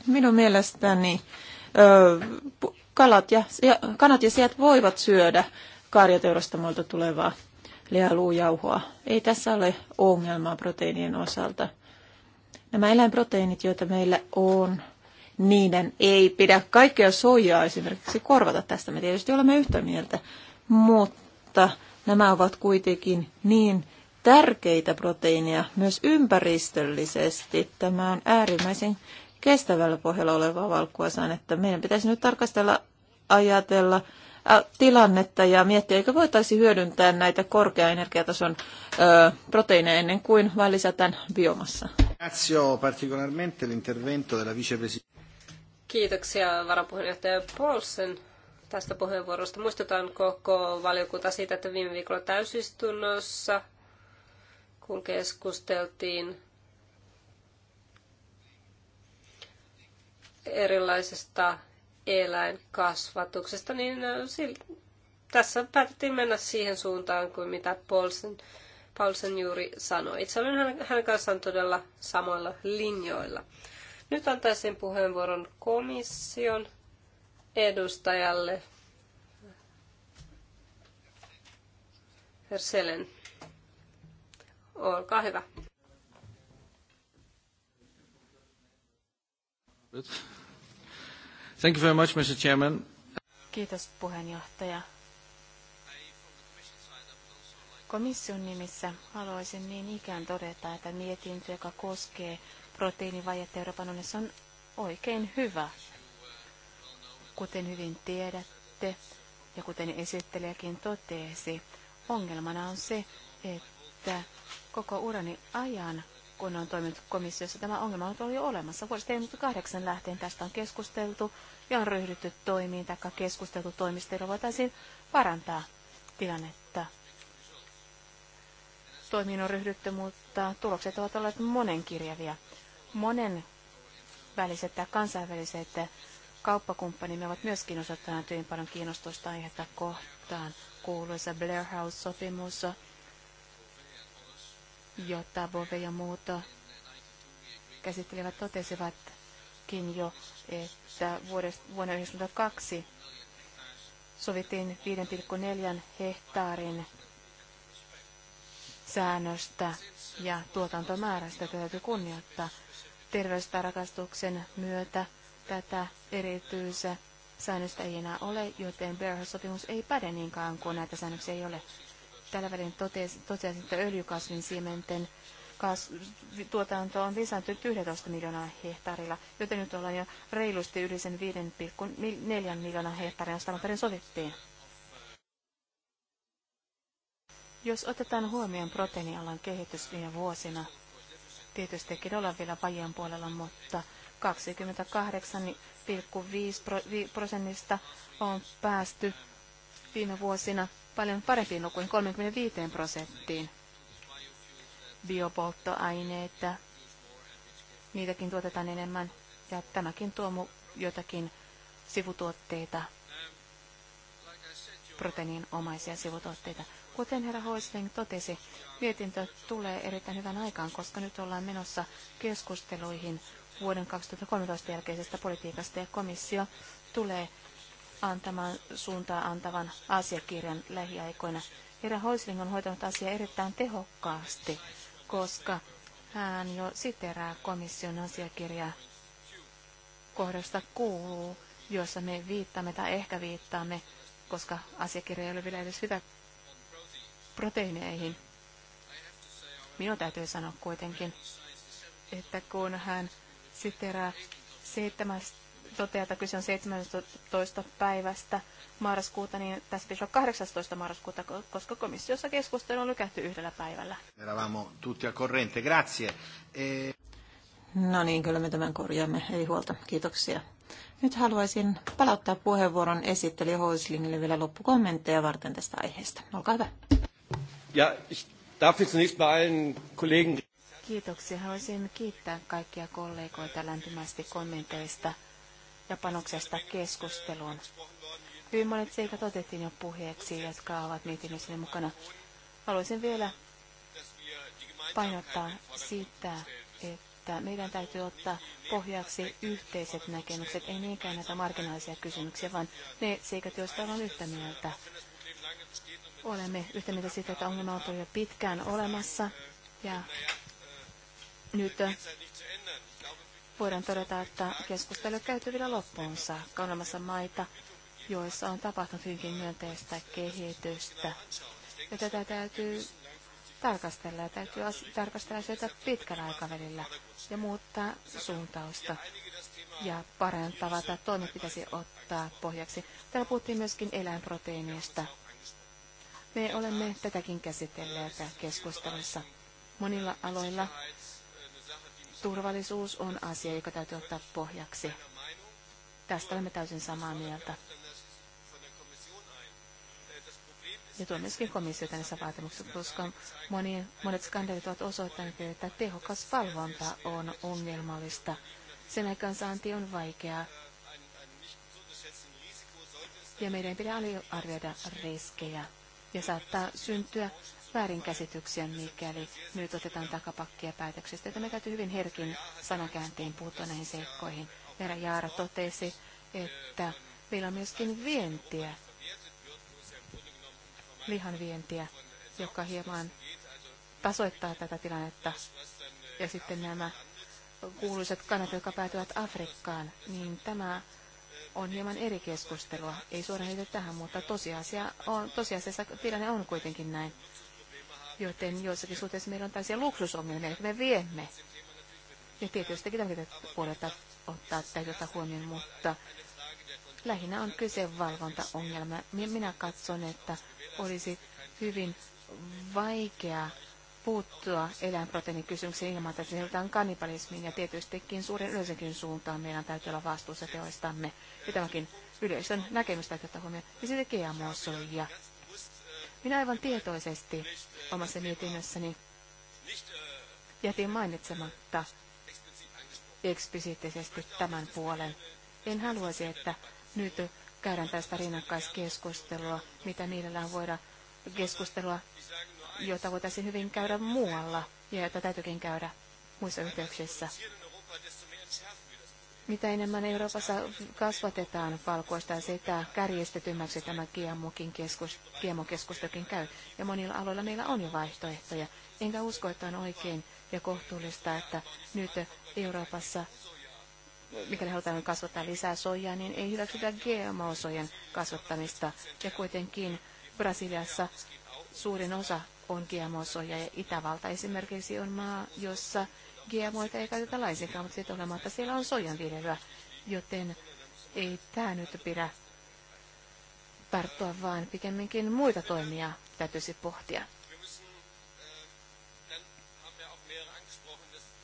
Minun mielestäni kalat ja, kanat ja siat voivat syödä karjateurastamoilta tulevaa lihaluujauhoa. Ei tässä ole ongelmaa proteiinien osalta. Nämä eläinproteiinit, joita meillä on, niiden ei pidä kaikkea soijaa esimerkiksi korvata tästä. Me tietysti olemme yhtä mieltä, mutta nämä ovat kuitenkin niin tärkeitä proteiineja myös ympäristöllisesti. Tämä on äärimmäisen kestävällä pohjalla olevaa valkuaisaan, että meidän pitäisi nyt tarkastella, ajatella tilannetta ja miettiä, eikö voitaisi hyödyntää näitä korkea energiatason ö, proteiineja ennen kuin vain lisätään biomassa. Kiitoksia varapuheenjohtaja Paulsen tästä puheenvuorosta. Muistutan koko valiokunta siitä, että viime viikolla täysistunnossa, kun keskusteltiin erilaisesta eläinkasvatuksesta, niin tässä päätettiin mennä siihen suuntaan kuin mitä Paulsen, Paulsen juuri sanoi. Itse olen hänen kanssaan todella samoilla linjoilla. Nyt antaisin puheenvuoron komission edustajalle. Herselen, olkaa hyvä. Nyt. Thank you very much, Mr. Chairman. Kiitos puheenjohtaja. Komission nimissä haluaisin niin ikään todeta, että mietintö, joka koskee proteiinivajetta Euroopan unionissa, on oikein hyvä. Kuten hyvin tiedätte ja kuten esittelijäkin totesi, ongelmana on se, että koko urani ajan kun on toiminut komissiossa. Tämä ongelma on ollut jo olemassa. Vuodesta 2008 lähtien tästä on keskusteltu ja on ryhdytty toimiin tai keskusteltu toimista, joilla voitaisiin parantaa tilannetta. Toimiin on ryhdytty, mutta tulokset ovat olleet monenkirjavia. Monen väliset tai kansainväliset kauppakumppanimme ovat myöskin osoittaneet hyvin paljon kiinnostusta aihetta kohtaan. Kuuluisa Blair House-sopimus jota Bove ja muut käsittelevät totesivatkin jo, että vuodesta, vuonna 1992 sovittiin 5,4 hehtaarin säännöstä ja tuotantomäärästä täytyy kunnioittaa. Terveystarkastuksen myötä tätä erityisä säännöstä ei enää ole, joten Berha-sopimus ei päde niinkään, kun näitä säännöksiä ei ole. Tällä välin totesin, että öljykasvin siementen kas, tuotanto on lisääntynyt 11 miljoonaa hehtaarilla, joten nyt ollaan jo reilusti yli sen 5,4 miljoonaa hehtaaria, josta alun perin sovittiin. Jos otetaan huomioon proteiinialan kehitys viime vuosina, tietystikin ollaan vielä vajeen puolella, mutta 28,5 prosentista on päästy viime vuosina paljon parempiin lukuihin, 35 prosenttiin biopolttoaineita. Niitäkin tuotetaan enemmän ja tämäkin tuo jotakin sivutuotteita, proteiininomaisia sivutuotteita. Kuten herra Hoisling totesi, mietintö tulee erittäin hyvän aikaan, koska nyt ollaan menossa keskusteluihin vuoden 2013 jälkeisestä politiikasta ja komissio tulee antaman, suuntaa antavan asiakirjan lähiaikoina. Herra Hoisling on hoitanut asiaa erittäin tehokkaasti, koska hän jo siterää komission asiakirjaa kohdasta kuuluu, jossa me viittaamme tai ehkä viittaamme, koska asiakirja ei ole vielä edes hyvä proteiineihin. Minun täytyy sanoa kuitenkin, että kun hän siterää 17 toteaa, että kyse on 17. päivästä marraskuuta, niin tässä pitäisi olla 18. marraskuuta, koska komissiossa keskustelu on lykätty yhdellä päivällä. Eravamo tutti corrente, grazie. E- no niin, kyllä me tämän korjaamme, ei huolta, kiitoksia. Nyt haluaisin palauttaa puheenvuoron esittelijä Hoislingille vielä loppukommentteja varten tästä aiheesta. Olkaa hyvä. Ja, ich darf jetzt Kollegen Kiitoksia. Haluaisin kiittää kaikkia kollegoita lämpimästi kommenteista ja panoksesta keskusteluun. Hyvin monet seikat otettiin jo puheeksi, jotka ovat mietinnössäni mukana. Haluaisin vielä painottaa sitä, että meidän täytyy ottaa pohjaksi yhteiset näkemykset, ei niinkään näitä marginaalisia kysymyksiä, vaan ne seikat, joista ollaan yhtä mieltä. Olemme yhtä mieltä siitä, että ongelma on jo pitkään olemassa ja nyt voidaan todeta, että keskustelu on käyty vielä loppuun saakka. On olemassa maita, joissa on tapahtunut hyvinkin myönteistä kehitystä. Ja tätä täytyy tarkastella ja täytyy tarkastella sitä pitkällä aikavälillä ja muuttaa suuntausta ja parantava tämä toimi pitäisi ottaa pohjaksi. Täällä puhuttiin myöskin eläinproteiinista. Me olemme tätäkin käsitelleet keskustelussa. Monilla aloilla Turvallisuus on asia, joka täytyy ottaa pohjaksi. Tästä olemme täysin samaa mieltä. Ja tuo myöskin komissiota näissä vaatimuksissa, koska moni, monet skandaalit ovat osoittaneet, että tehokas valvonta on ongelmallista. Sen aikaansaanti on vaikeaa. Ja meidän pitää aliarvioida riskejä. Ja saattaa syntyä väärinkäsityksiä, mikäli nyt otetaan takapakkia päätöksestä. Että me täytyy hyvin herkin sanakääntiin puuttua näihin seikkoihin. Herra Jaara totesi, että meillä on myöskin vientiä, lihan vientiä, joka hieman tasoittaa tätä tilannetta. Ja sitten nämä kuuluiset kanat, jotka päätyvät Afrikkaan, niin tämä on hieman eri keskustelua. Ei suoraan liity tähän, mutta tosiasia on, tosiasiassa tilanne on kuitenkin näin joten joissakin suhteissa meillä on tällaisia luksusongelmia, että me viemme. Ja tietysti tätä puolelta ottaa täytyy ottaa huomioon, mutta lähinnä on kyse valvontaongelma. Minä katson, että olisi hyvin vaikea puuttua eläinproteiinikysymykseen ilman, että siirrytään kannibalismiin ja tietystikin suuren yleisenkin suuntaan meidän täytyy olla vastuussa teoistamme. Ja tämäkin yleisön näkemystä täytyy ottaa huomioon. Ja sitten GMO-soija minä aivan tietoisesti omassa mietinnössäni jätin mainitsematta eksplisiittisesti tämän puolen. En haluaisi, että nyt käydään tästä rinnakkaiskeskustelua, mitä mielellään voida keskustelua, jota voitaisiin hyvin käydä muualla ja jota täytyykin käydä muissa yhteyksissä. Mitä enemmän Euroopassa kasvatetaan valkoista, sitä kärjestetymäksi tämä GMOkin gmo käy. Ja monilla aloilla meillä on jo vaihtoehtoja. Enkä usko, että on oikein ja kohtuullista, että nyt Euroopassa mikäli halutaan kasvattaa lisää soijaa, niin ei hyväksytä GMO-sojan kasvattamista. Ja kuitenkin Brasiliassa suurin osa on GMO-soja ja Itävalta esimerkiksi on maa, jossa GMOita ei käytetä laisinkaan, mutta siitä olematta siellä on soijan viljelyä, joten ei tämä nyt pidä tarttua, vaan pikemminkin muita toimia täytyisi pohtia.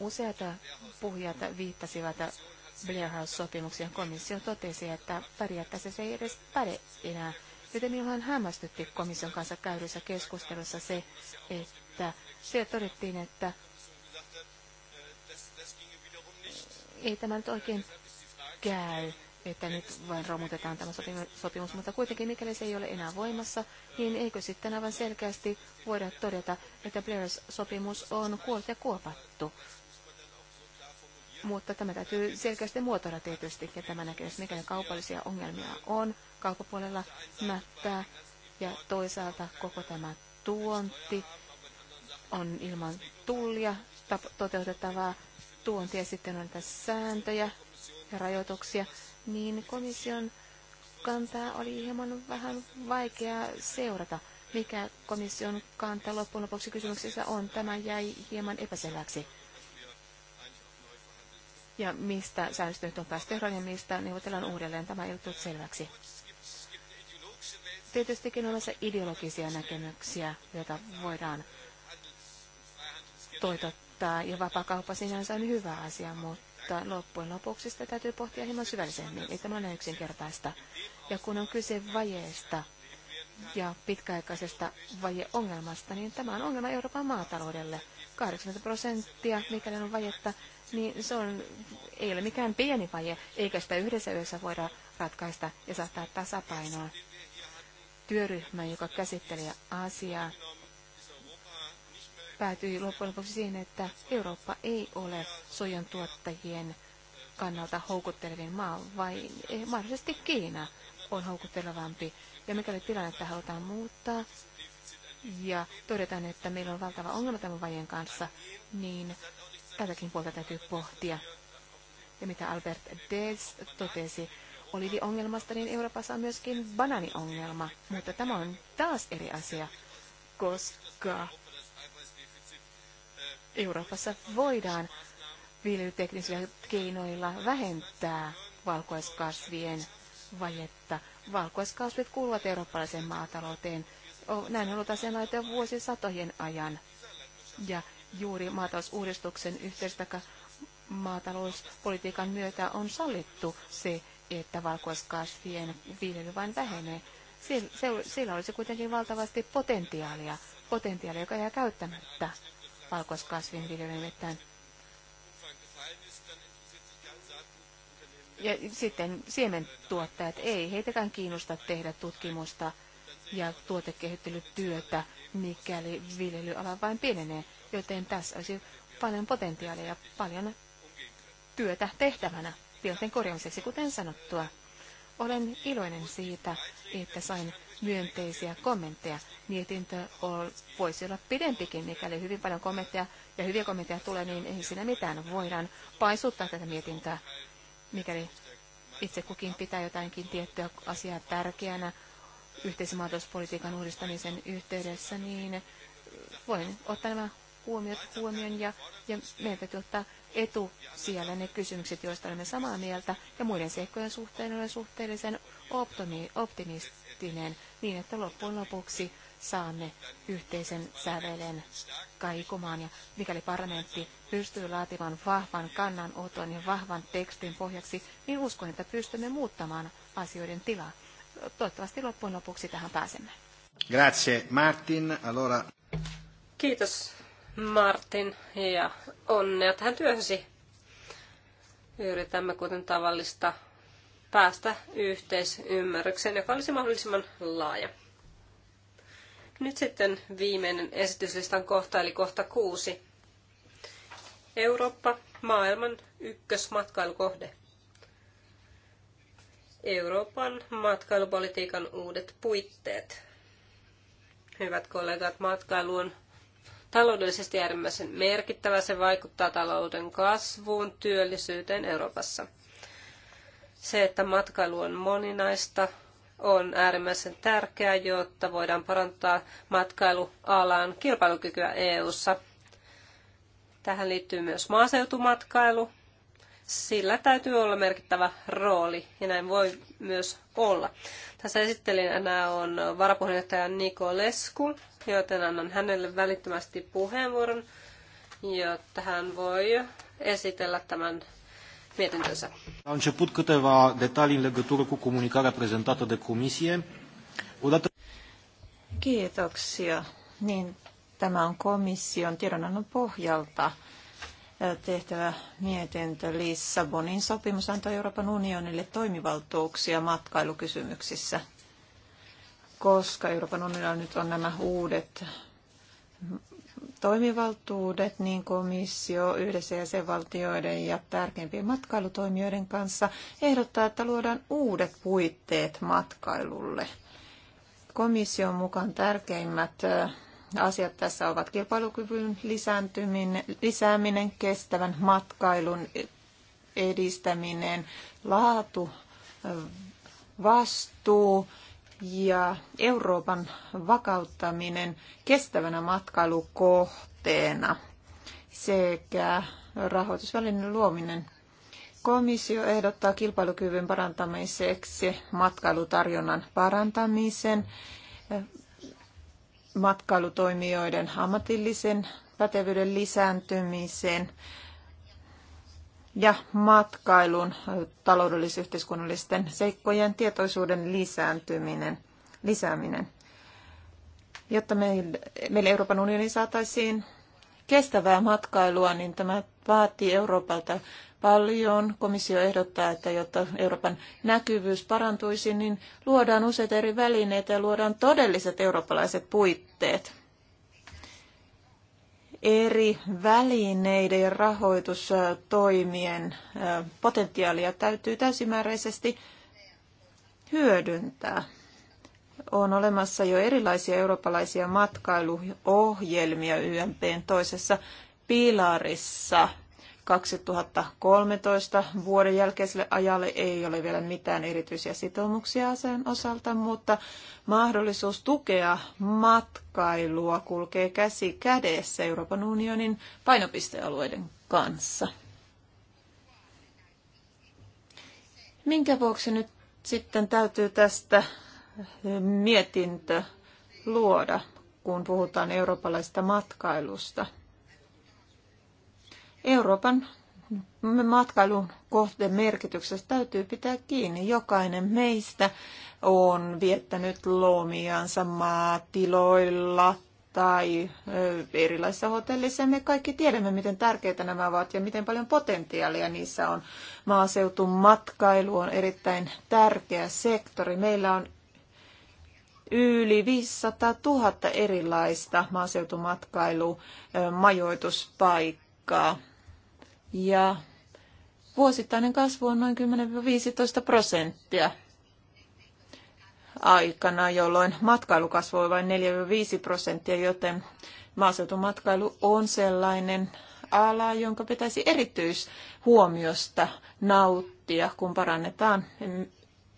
Useat puhujat viittasivat Blair house sopimuksen Komissio totesi, että periaatteessa se ei edes päde enää. Joten minuahan hämmästytti komission kanssa käydyssä keskustelussa se, että se todettiin, että ei tämä nyt oikein käy, että nyt vain romutetaan tämä sopimus, mutta kuitenkin mikäli se ei ole enää voimassa, niin eikö sitten aivan selkeästi voida todeta, että Blairs-sopimus on kuollut ja kuopattu. Mutta tämä täytyy selkeästi muotoilla tietysti, ja tämä että mikäli kaupallisia ongelmia on, kaupapuolella mättää, ja toisaalta koko tämä tuonti on ilman tullia toteutettavaa, tuontia, sitten on näitä sääntöjä ja rajoituksia, niin komission kantaa oli hieman vähän vaikea seurata, mikä komission kanta loppujen lopuksi kysymyksessä on. Tämä jäi hieman epäselväksi. Ja mistä säännöstä nyt on päästy ja mistä neuvotellaan uudelleen, tämä ei selväksi. Tietystikin on olemassa ideologisia näkemyksiä, joita voidaan toitottaa vapauttaa ja vapaakauppa sinänsä on hyvä asia, mutta loppujen lopuksi sitä täytyy pohtia hieman syvällisemmin. Ei tämä ole yksinkertaista. Ja kun on kyse vajeesta ja pitkäaikaisesta vajeongelmasta, niin tämä on ongelma Euroopan maataloudelle. 80 prosenttia, mikäli on vajetta, niin se on, ei ole mikään pieni vaje, eikä sitä yhdessä yössä voida ratkaista ja saattaa tasapainoa. Työryhmä, joka käsittelee asiaa, päätyi loppujen lopuksi siihen, että Eurooppa ei ole sojan tuottajien kannalta houkuttelevin maa, vai eh, mahdollisesti Kiina on houkuttelevampi. Ja mikäli tilannetta halutaan muuttaa ja todetaan, että meillä on valtava ongelma tämän vajeen kanssa, niin tätäkin puolta täytyy pohtia. Ja mitä Albert Dez totesi, ongelmasta, niin Euroopassa on myöskin bananiongelma, mutta tämä on taas eri asia, koska Euroopassa voidaan viljelyteknisillä keinoilla vähentää valkuaiskasvien vajetta. Valkuaiskasvit kuuluvat eurooppalaiseen maatalouteen. Näin on ollut asiana jo vuosisatojen ajan. Ja juuri maatalousuudistuksen yhteistä maatalouspolitiikan myötä on sallittu se, että valkuaiskasvien viljely vain vähenee. Sillä olisi kuitenkin valtavasti potentiaalia, potentiaalia joka jää käyttämättä valkoiskasvinviljelijöittäin. Ja sitten siementuottajat, ei heitäkään kiinnosta tehdä tutkimusta ja tuotekehittelytyötä, mikäli viljelyala vain pienenee, joten tässä olisi paljon potentiaalia ja paljon työtä tehtävänä tilanteen korjaamiseksi, kuten sanottua. Olen iloinen siitä, että sain myönteisiä kommentteja. Mietintö voisi olla pidempikin, mikäli hyvin paljon kommentteja ja hyviä kommentteja tulee, niin ei siinä mitään. Voidaan paisuttaa tätä mietintöä, mikäli itse kukin pitää jotainkin tiettyä asiaa tärkeänä yhteisen maatalouspolitiikan uudistamisen yhteydessä, niin voin ottaa nämä huomiot huomioon ja, ja meidän täytyy ottaa etu siellä ne kysymykset, joista olemme samaa mieltä, ja muiden seikkojen suhteen olen suhteellisen optimistinen niin, että loppujen lopuksi saamme yhteisen sävelen kaikumaan. Ja mikäli parlamentti pystyy laatimaan vahvan kannanoton ja vahvan tekstin pohjaksi, niin uskon, että pystymme muuttamaan asioiden tilaa. Toivottavasti loppujen lopuksi tähän pääsemme. Grazie Martin. Allora... Kiitos Martin ja onnea tähän työhösi. Yritämme kuten tavallista päästä yhteisymmärrykseen, joka olisi mahdollisimman laaja. Nyt sitten viimeinen esityslistan kohta, eli kohta kuusi. Eurooppa, maailman ykkösmatkailukohde. Euroopan matkailupolitiikan uudet puitteet. Hyvät kollegat, matkailu on taloudellisesti äärimmäisen merkittävä. Se vaikuttaa talouden kasvuun, työllisyyteen Euroopassa. Se, että matkailu on moninaista, on äärimmäisen tärkeää, jotta voidaan parantaa matkailualan kilpailukykyä EU:ssa. Tähän liittyy myös maaseutumatkailu. Sillä täytyy olla merkittävä rooli ja näin voi myös olla. Tässä esittelijänä on varapuheenjohtaja Niko Lesku joten annan hänelle välittömästi puheenvuoron, jotta hän voi esitellä tämän mietintönsä. La început câteva detalii în legătură cu comunicarea prezentată de comisie. Odată... Kiitoksia. Niin, tämä on komission tiedonannon pohjalta tehtävä mietintö Lissabonin sopimus antoi Euroopan unionille toimivaltuuksia matkailukysymyksissä koska Euroopan unionilla nyt on nämä uudet toimivaltuudet, niin komissio yhdessä jäsenvaltioiden ja tärkeimpien matkailutoimijoiden kanssa ehdottaa, että luodaan uudet puitteet matkailulle. Komission mukaan tärkeimmät asiat tässä ovat kilpailukyvyn lisääntyminen, lisääminen, kestävän matkailun edistäminen, laatu, vastuu, ja Euroopan vakauttaminen kestävänä matkailukohteena sekä rahoitusvälineen luominen. Komissio ehdottaa kilpailukyvyn parantamiseksi matkailutarjonnan parantamisen, matkailutoimijoiden ammatillisen pätevyyden lisääntymisen, ja matkailun taloudellis-yhteiskunnallisten seikkojen tietoisuuden lisääntyminen, lisääminen, jotta meille, Euroopan unioni saataisiin kestävää matkailua, niin tämä vaatii Euroopalta paljon. Komissio ehdottaa, että jotta Euroopan näkyvyys parantuisi, niin luodaan useita eri välineitä ja luodaan todelliset eurooppalaiset puitteet eri välineiden ja rahoitustoimien potentiaalia täytyy täysimääräisesti hyödyntää. On olemassa jo erilaisia eurooppalaisia matkailuohjelmia YMPn toisessa pilarissa – 2013 vuoden jälkeiselle ajalle ei ole vielä mitään erityisiä sitoumuksia sen osalta, mutta mahdollisuus tukea matkailua kulkee käsi kädessä Euroopan unionin painopistealueiden kanssa. Minkä vuoksi nyt sitten täytyy tästä mietintö luoda, kun puhutaan eurooppalaisesta matkailusta? Euroopan matkailun kohteen merkityksestä täytyy pitää kiinni. Jokainen meistä on viettänyt loomiansa maatiloilla tai erilaisissa hotellissa. Me kaikki tiedämme, miten tärkeitä nämä ovat ja miten paljon potentiaalia niissä on. Maaseutun matkailu on erittäin tärkeä sektori. Meillä on yli 500 000 erilaista maaseutumatkailumajoituspaikkaa. majoituspaikkaa ja vuosittainen kasvu on noin 10-15 prosenttia aikana, jolloin matkailu kasvoi vain 4-5 prosenttia, joten maaseutumatkailu on sellainen ala, jonka pitäisi erityishuomiosta nauttia, kun parannetaan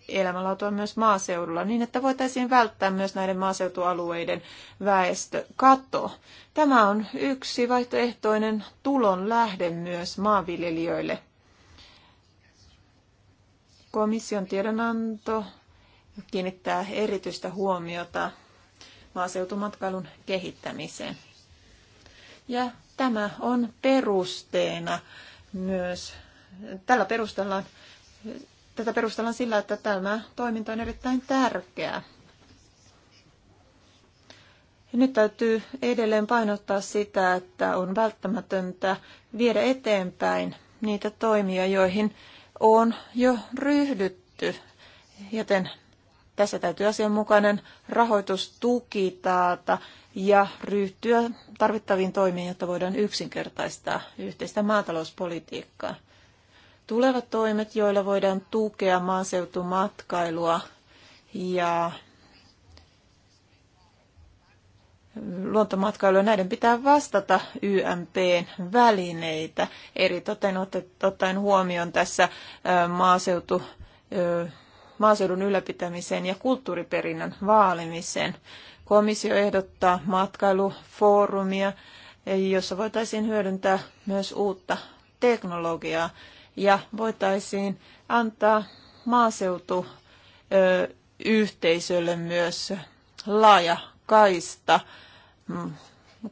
elämänlaatua myös maaseudulla, niin että voitaisiin välttää myös näiden maaseutualueiden väestökato. Tämä on yksi vaihtoehtoinen lähde myös maanviljelijöille. Komission tiedonanto kiinnittää erityistä huomiota maaseutumatkailun kehittämiseen. Ja tämä on perusteena myös, tällä perustellaan tätä perustellaan sillä, että tämä toiminta on erittäin tärkeää. Ja nyt täytyy edelleen painottaa sitä, että on välttämätöntä viedä eteenpäin niitä toimia, joihin on jo ryhdytty. Joten tässä täytyy asianmukainen rahoitustuki taata ja ryhtyä tarvittaviin toimiin, jotta voidaan yksinkertaistaa yhteistä maatalouspolitiikkaa tulevat toimet, joilla voidaan tukea maaseutumatkailua ja luontomatkailua näiden pitää vastata YMPn välineitä, eri toten ottaen huomioon tässä maaseutu, maaseudun ylläpitämiseen ja kulttuuriperinnön vaalimiseen. Komissio ehdottaa matkailufoorumia, jossa voitaisiin hyödyntää myös uutta teknologiaa ja voitaisiin antaa maaseutu yhteisölle myös laaja kaista mm,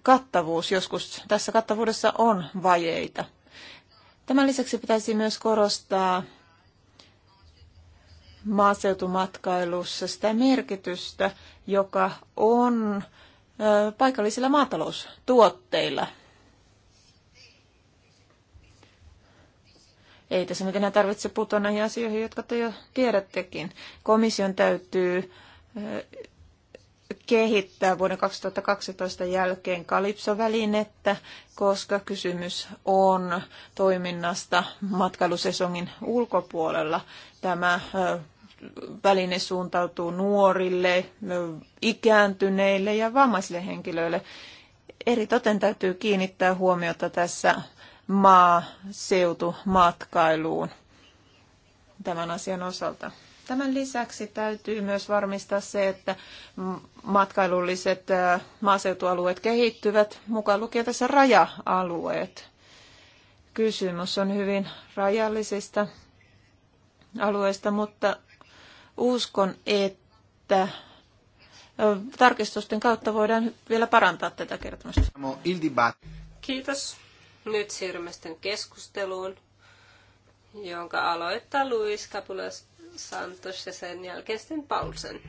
kattavuus. Joskus tässä kattavuudessa on vajeita. Tämän lisäksi pitäisi myös korostaa maaseutumatkailussa sitä merkitystä, joka on paikallisilla maataloustuotteilla – Ei tässä nyt enää tarvitse puuttua näihin asioihin, jotka te jo tiedättekin. Komission täytyy eh, kehittää vuoden 2012 jälkeen Kalipso-välinettä, koska kysymys on toiminnasta matkailusesongin ulkopuolella. Tämä eh, väline suuntautuu nuorille, eh, ikääntyneille ja vammaisille henkilöille. Eri toten täytyy kiinnittää huomiota tässä maaseutumatkailuun tämän asian osalta. Tämän lisäksi täytyy myös varmistaa se, että matkailulliset maaseutualueet kehittyvät, mukaan lukien tässä raja-alueet. Kysymys on hyvin rajallisista alueista, mutta uskon, että tarkistusten kautta voidaan vielä parantaa tätä kertomusta. Kiitos. Nyt siirrymme sitten keskusteluun, jonka aloittaa Luis Capulas Santos ja sen jälkeen sitten Paulsen.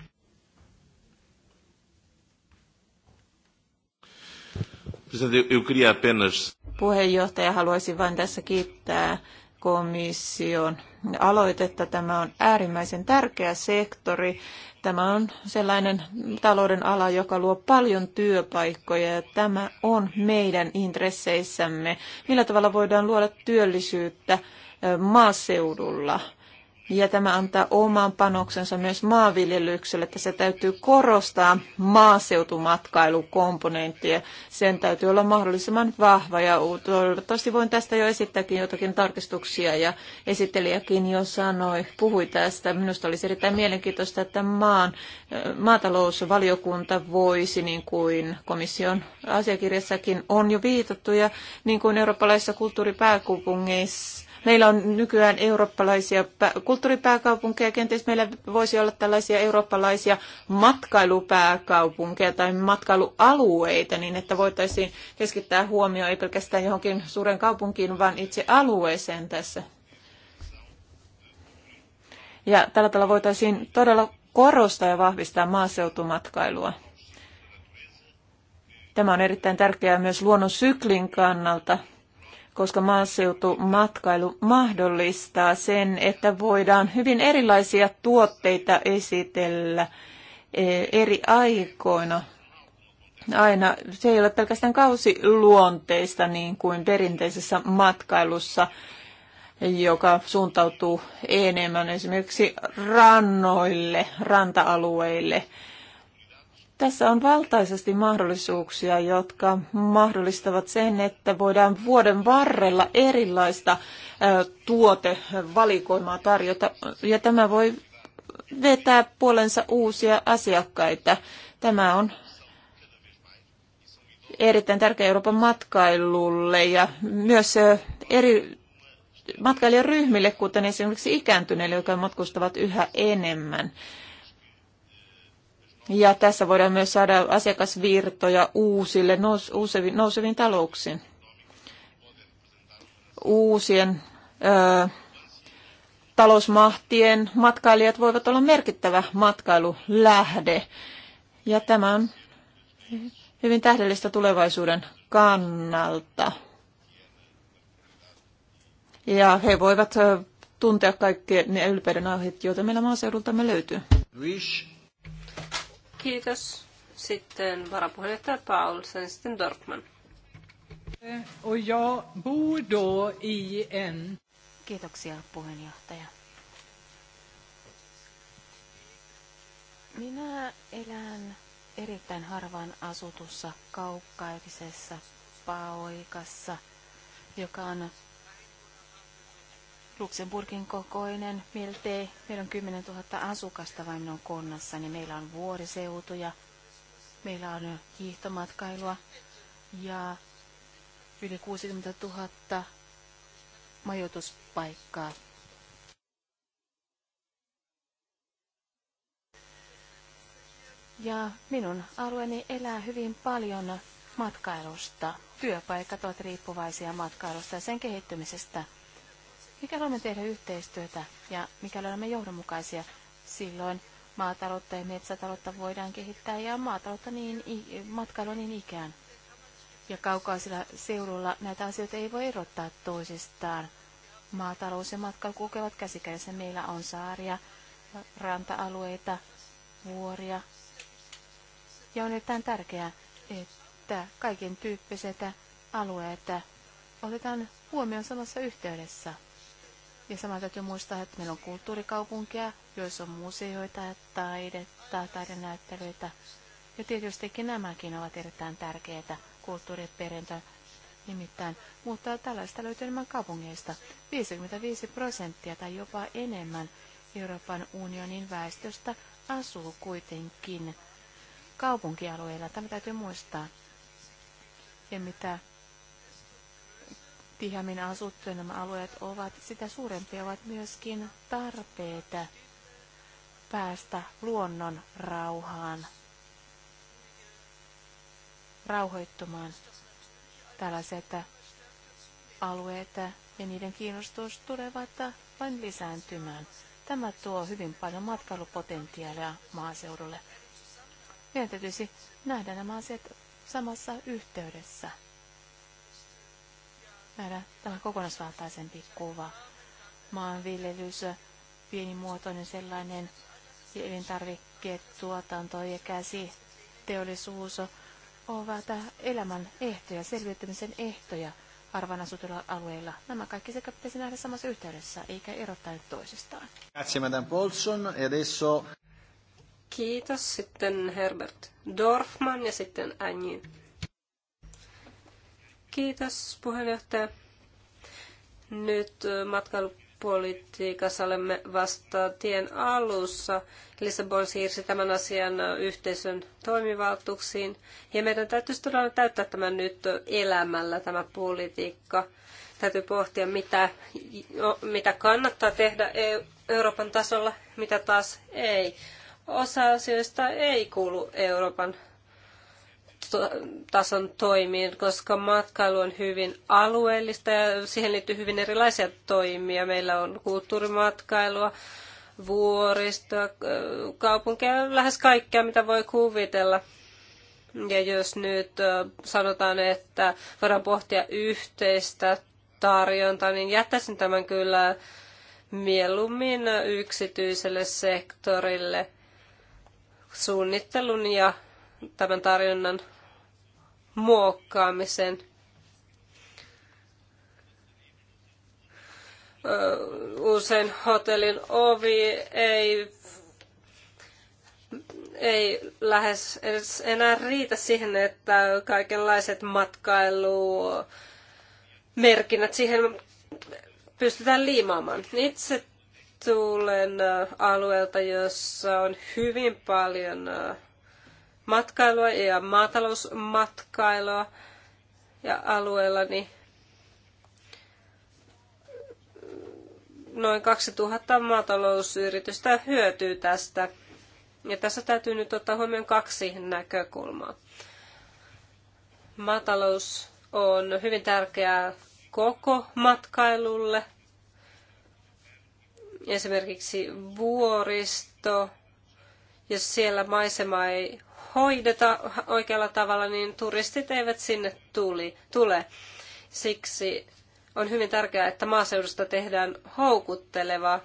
Puheenjohtaja, haluaisin vain tässä kiittää komission aloitetta. Tämä on äärimmäisen tärkeä sektori. Tämä on sellainen talouden ala, joka luo paljon työpaikkoja ja tämä on meidän intresseissämme. Millä tavalla voidaan luoda työllisyyttä maaseudulla? Ja tämä antaa oman panoksensa myös maanviljelykselle. Tässä täytyy korostaa maaseutumatkailukomponenttia. Sen täytyy olla mahdollisimman vahva ja toivottavasti voin tästä jo esittääkin jotakin tarkistuksia. Ja esittelijäkin jo sanoi, puhui tästä. Minusta olisi erittäin mielenkiintoista, että maan, eh, maatalousvaliokunta voisi, niin kuin komission asiakirjassakin on jo viitattu ja niin kuin eurooppalaisissa kulttuuripääkupungeissa, Meillä on nykyään eurooppalaisia kulttuuripääkaupunkeja, kenties meillä voisi olla tällaisia eurooppalaisia matkailupääkaupunkeja tai matkailualueita, niin että voitaisiin keskittää huomio ei pelkästään johonkin suuren kaupunkiin, vaan itse alueeseen tässä. Ja tällä tavalla voitaisiin todella korostaa ja vahvistaa maaseutumatkailua. Tämä on erittäin tärkeää myös luonnon syklin kannalta koska maaseutumatkailu mahdollistaa sen, että voidaan hyvin erilaisia tuotteita esitellä e, eri aikoina. Aina se ei ole pelkästään kausiluonteista niin kuin perinteisessä matkailussa, joka suuntautuu enemmän esimerkiksi rannoille, ranta-alueille – tässä on valtaisesti mahdollisuuksia, jotka mahdollistavat sen, että voidaan vuoden varrella erilaista tuotevalikoimaa tarjota, ja tämä voi vetää puolensa uusia asiakkaita. Tämä on erittäin tärkeä Euroopan matkailulle ja myös eri matkailijaryhmille, kuten esimerkiksi ikääntyneille, jotka matkustavat yhä enemmän. Ja tässä voidaan myös saada asiakasvirtoja uusille nous, nouseviin talouksiin. Uusien ö, talousmahtien matkailijat voivat olla merkittävä matkailulähde. Ja tämä on hyvin tähdellistä tulevaisuuden kannalta. Ja he voivat tuntea kaikki ne ylpeyden aiheet, joita meillä maaseudultamme löytyy. Wish Kiitos. Sitten varapuheenjohtaja Paulsen, sitten Dorkman. Och jag bor då i en... Kiitoksia puheenjohtaja. Minä elän erittäin harvaan asutussa kaukaisessa paikassa, joka on Luxemburgin kokoinen, miltei meillä on 10 000 asukasta vain minun konnassa, niin meillä on vuoriseutuja, meillä on hiihtomatkailua ja yli 60 000 majoituspaikkaa. Ja minun alueeni elää hyvin paljon matkailusta. Työpaikat ovat riippuvaisia matkailusta ja sen kehittymisestä. Mikä olemme tehdä yhteistyötä ja mikäli olemme johdonmukaisia, silloin maataloutta ja metsätaloutta voidaan kehittää ja maataloutta niin, matkailu niin ikään. Ja kaukaisilla seudulla näitä asioita ei voi erottaa toisistaan. Maatalous ja matkailu kulkevat käsikädessä. Meillä on saaria, ranta-alueita, vuoria. Ja on erittäin tärkeää, että kaiken tyyppiset alueet otetaan huomioon samassa yhteydessä. Ja samalla täytyy muistaa, että meillä on kulttuurikaupunkia, joissa on museoita, taidetta, taidenäyttelyitä. Ja tietystikin nämäkin ovat erittäin tärkeitä kulttuuriperintö nimittäin, mutta tällaista löytyy enemmän kaupungeista. 55 prosenttia tai jopa enemmän Euroopan unionin väestöstä asuu kuitenkin kaupunkialueilla. Tämä täytyy muistaa. Ja mitä tiheämmin asuttuja nämä alueet ovat, sitä suurempia ovat myöskin tarpeita päästä luonnon rauhaan, rauhoittumaan tällaiset alueet ja niiden kiinnostus tulevat vain lisääntymään. Tämä tuo hyvin paljon matkailupotentiaalia maaseudulle. Meidän täytyisi nähdä nämä asiat samassa yhteydessä nähdä tämä kokonaisvaltaisempi kuva. Maanviljelys, pienimuotoinen sellainen, ja elintarvikkeet, tuotanto ja käsi, teollisuus ovat elämän ehtoja, selviytymisen ehtoja harvaan asutuilla alueilla. Nämä kaikki sekä pitäisi nähdä samassa yhteydessä, eikä erottaa nyt toisistaan. E Kiitos. Sitten Herbert Dorfman ja sitten Anjin. Kiitos puheenjohtaja. Nyt matkailupolitiikassa olemme vasta tien alussa. Lissabon siirsi tämän asian yhteisön toimivaltuuksiin ja meidän täytyisi todella täyttää tämä nyt elämällä tämä politiikka. Täytyy pohtia, mitä, mitä kannattaa tehdä e- Euroopan tasolla, mitä taas ei. Osa asioista ei kuulu Euroopan tason toimiin, koska matkailu on hyvin alueellista ja siihen liittyy hyvin erilaisia toimia. Meillä on kulttuurimatkailua, vuoristoa, kaupunkeja, lähes kaikkea, mitä voi kuvitella. Ja jos nyt sanotaan, että voidaan pohtia yhteistä tarjontaa, niin jättäisin tämän kyllä mieluummin yksityiselle sektorille suunnittelun ja tämän tarjonnan muokkaamisen. Usein hotellin ovi ei, ei lähes edes enää riitä siihen, että kaikenlaiset matkailumerkinnät siihen pystytään liimaamaan. Itse tulen alueelta, jossa on hyvin paljon matkailua ja maatalousmatkailua ja alueellani noin 2000 maatalousyritystä hyötyy tästä. Ja tässä täytyy nyt ottaa huomioon kaksi näkökulmaa. Maatalous on hyvin tärkeää koko matkailulle. Esimerkiksi vuoristo, jos siellä maisema ei hoideta oikealla tavalla, niin turistit eivät sinne tuli, tule. Siksi on hyvin tärkeää, että maaseudusta tehdään houkutteleva.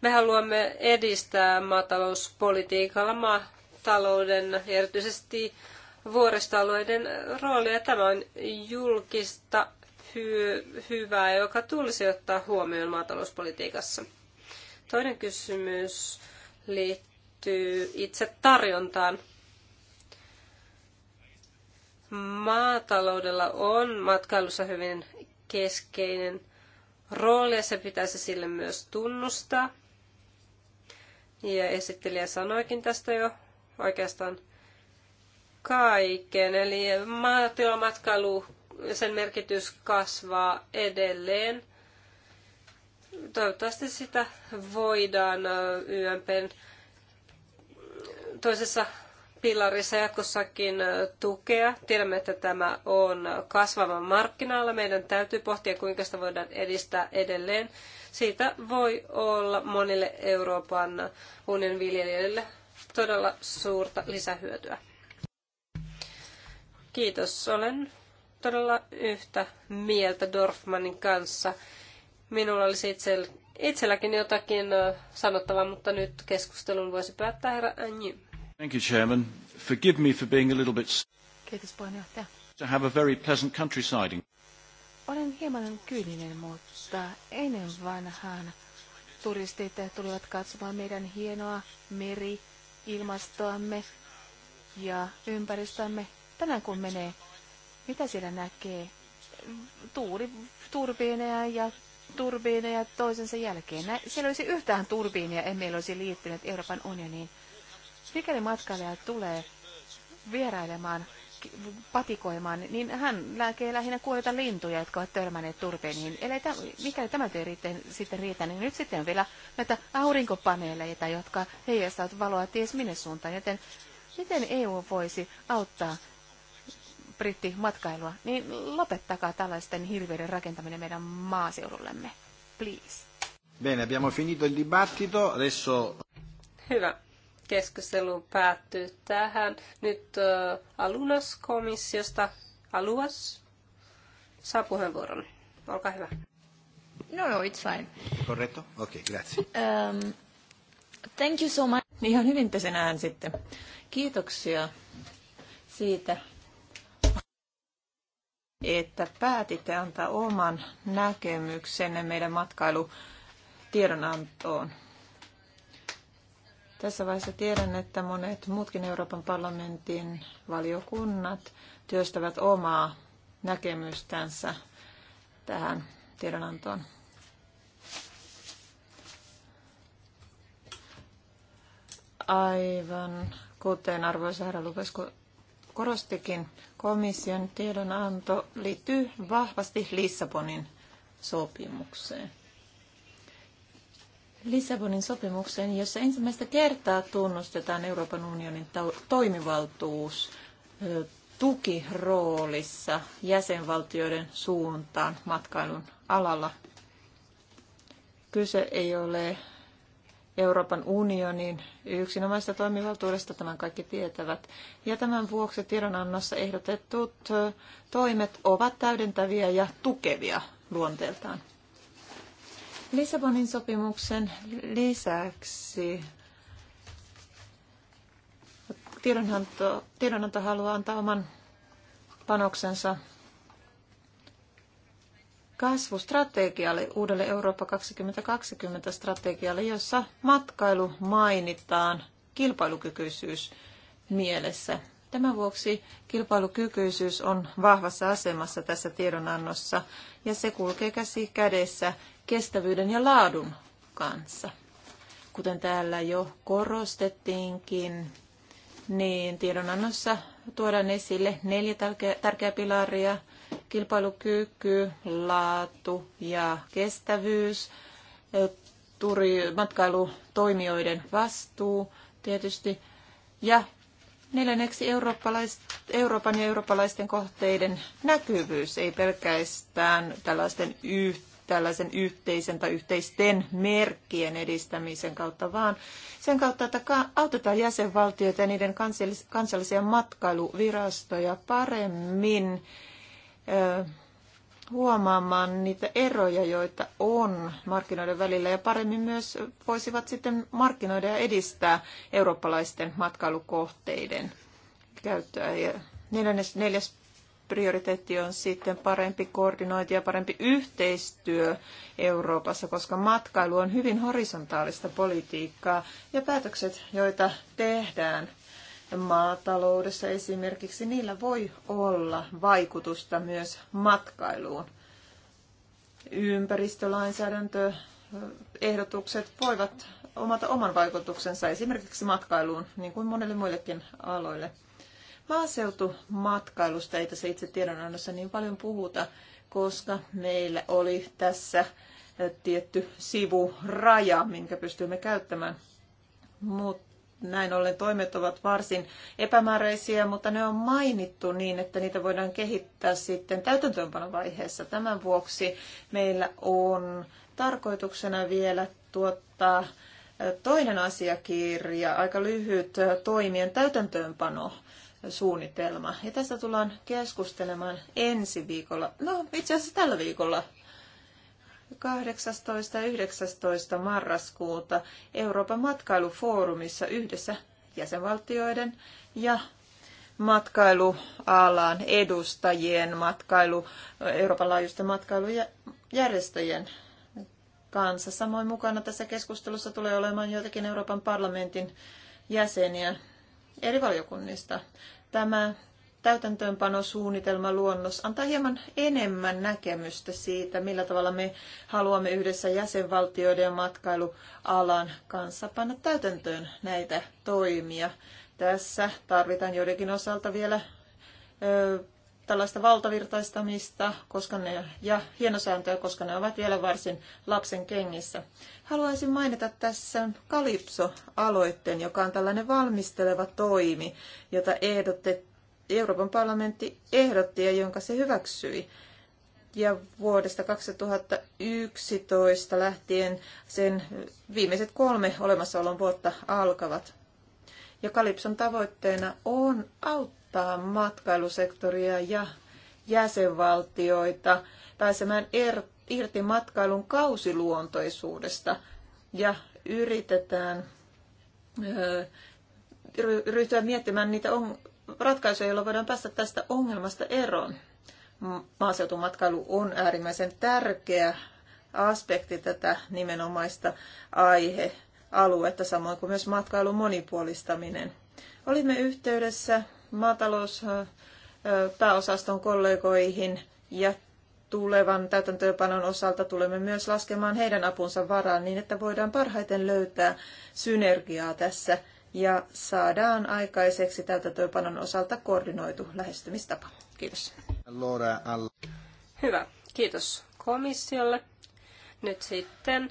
Me haluamme edistää maatalouspolitiikalla maatalouden ja erityisesti vuoristoalueiden roolia. Tämä on julkista hy- hyvää, joka tulisi ottaa huomioon maatalouspolitiikassa. Toinen kysymys liittyy liittyy itse tarjontaan. Maataloudella on matkailussa hyvin keskeinen rooli ja se pitäisi sille myös tunnustaa. Ja esittelijä sanoikin tästä jo oikeastaan kaiken. Eli maatilamatkailu, sen merkitys kasvaa edelleen. Toivottavasti sitä voidaan YMPn toisessa pilarissa jatkossakin tukea. Tiedämme, että tämä on kasvava markkina Meidän täytyy pohtia, kuinka sitä voidaan edistää edelleen. Siitä voi olla monille Euroopan unionin viljelijöille todella suurta lisähyötyä. Kiitos. Olen todella yhtä mieltä Dorfmanin kanssa. Minulla olisi itselläkin jotakin sanottavaa, mutta nyt keskustelun voisi päättää herra Anjy. Thank you, Chairman. Forgive me for being a little bit... Kiitos puheenjohtaja. To have a very pleasant countryside. Olen hieman kyyninen, mutta ennen vanhaan turistit tulivat katsomaan meidän hienoa meri, ilmastoamme ja ympäristöämme. Tänään kun menee, mitä siellä näkee? Tuuli, turbiineja ja turbiineja toisensa jälkeen. Nä, siellä olisi yhtään turbiinia, emme olisi liittyneet Euroopan unioniin. Mikäli matkailija tulee vierailemaan, patikoimaan, niin hän lääkee lähinnä kuolleita lintuja, jotka ovat törmänneet turpeeniin. Eli tämän, mikäli tämä ei riitä, sitten riitä, niin nyt sitten on vielä näitä aurinkopaneeleita, jotka heijastavat valoa ties minne suuntaan. Joten miten EU voisi auttaa brittimatkailua, niin lopettakaa tällaisten hirviöiden rakentaminen meidän maaseudullemme. Please. Bene, abbiamo finito il dibattito. Adesso... Hyvä keskustelu päättyy tähän. Nyt uh, Alunas-komissiosta Aluas saa puheenvuoron. Olkaa hyvä. No, no, it's fine. Corretto? Okei, okay, grazie. Um, thank you so much. Ihan hyvin te sen ään sitten. Kiitoksia siitä, että päätitte antaa oman näkemyksenne meidän matkailu tiedonantoon. Tässä vaiheessa tiedän, että monet muutkin Euroopan parlamentin valiokunnat työstävät omaa näkemystänsä tähän tiedonantoon. Aivan kuten arvoisa herra Lupesko korostikin, komission tiedonanto liittyy vahvasti Lissabonin sopimukseen. Lissabonin sopimukseen, jossa ensimmäistä kertaa tunnustetaan Euroopan unionin toimivaltuus tukiroolissa jäsenvaltioiden suuntaan matkailun alalla. Kyse ei ole Euroopan unionin yksinomaista toimivaltuudesta, tämän kaikki tietävät. Ja tämän vuoksi tiedonannossa ehdotetut toimet ovat täydentäviä ja tukevia luonteeltaan. Lissabonin sopimuksen lisäksi tiedonanto, tiedonanto haluaa antaa oman panoksensa kasvustrategialle, uudelle Eurooppa 2020 strategialle, jossa matkailu mainitaan kilpailukykyisyys mielessä. Tämän vuoksi kilpailukykyisyys on vahvassa asemassa tässä tiedonannossa ja se kulkee käsi kädessä kestävyyden ja laadun kanssa. Kuten täällä jo korostettiinkin, niin tiedonannossa tuodaan esille neljä tärkeää pilaria. Kilpailukyky, laatu ja kestävyys, turi, matkailutoimijoiden vastuu tietysti ja neljänneksi Euroopan ja eurooppalaisten kohteiden näkyvyys, ei pelkästään tällaisten yhteyden tällaisen yhteisen tai yhteisten merkkien edistämisen kautta, vaan sen kautta, että autetaan jäsenvaltioita ja niiden kansallisia matkailuvirastoja paremmin huomaamaan niitä eroja, joita on markkinoiden välillä ja paremmin myös voisivat sitten markkinoida ja edistää eurooppalaisten matkailukohteiden käyttöä. Ja neljäs, neljäs prioriteetti on sitten parempi koordinointi ja parempi yhteistyö Euroopassa, koska matkailu on hyvin horisontaalista politiikkaa ja päätökset, joita tehdään maataloudessa esimerkiksi, niillä voi olla vaikutusta myös matkailuun. Ympäristölainsäädäntö, ehdotukset voivat omata oman vaikutuksensa esimerkiksi matkailuun, niin kuin monelle muillekin aloille. Maaseutumatkailusta ei tässä itse tiedonannossa niin paljon puhuta, koska meillä oli tässä tietty sivuraja, minkä pystymme käyttämään. Mutta näin ollen toimet ovat varsin epämääräisiä, mutta ne on mainittu niin, että niitä voidaan kehittää sitten täytäntöönpanovaiheessa. Tämän vuoksi meillä on tarkoituksena vielä tuottaa toinen asiakirja, aika lyhyt toimien täytäntöönpano suunnitelma. Ja tästä tullaan keskustelemaan ensi viikolla. No, itse asiassa tällä viikolla 18. ja 19. marraskuuta Euroopan matkailufoorumissa yhdessä jäsenvaltioiden ja matkailualan edustajien, matkailu, Euroopan laajuisten matkailujärjestöjen kanssa. Samoin mukana tässä keskustelussa tulee olemaan joitakin Euroopan parlamentin jäseniä eri valiokunnista. Tämä täytäntöönpanosuunnitelma luonnos antaa hieman enemmän näkemystä siitä, millä tavalla me haluamme yhdessä jäsenvaltioiden ja matkailualan kanssa panna täytäntöön näitä toimia. Tässä tarvitaan joidenkin osalta vielä tällaista valtavirtaistamista koska ne, ja hienosääntöä, koska ne ovat vielä varsin lapsen kengissä. Haluaisin mainita tässä Kalipso-aloitteen, joka on tällainen valmisteleva toimi, jota Euroopan parlamentti ehdotti ja jonka se hyväksyi. Ja vuodesta 2011 lähtien sen viimeiset kolme olemassaolon vuotta alkavat. Ja Kalipson tavoitteena on auttaa matkailusektoria ja jäsenvaltioita pääsemään er-, irti matkailun kausiluontoisuudesta ja yritetään ryhtyä miettimään niitä on, ratkaisuja, joilla voidaan päästä tästä ongelmasta eroon. Maaseutumatkailu on äärimmäisen tärkeä aspekti tätä nimenomaista aihe, aluetta, samoin kuin myös matkailun monipuolistaminen. Olimme yhteydessä maatalouspääosaston kollegoihin ja tulevan täytäntöönpanon osalta tulemme myös laskemaan heidän apunsa varaan niin, että voidaan parhaiten löytää synergiaa tässä ja saadaan aikaiseksi täytäntöönpanon osalta koordinoitu lähestymistapa. Kiitos. Hyvä. Kiitos komissiolle. Nyt sitten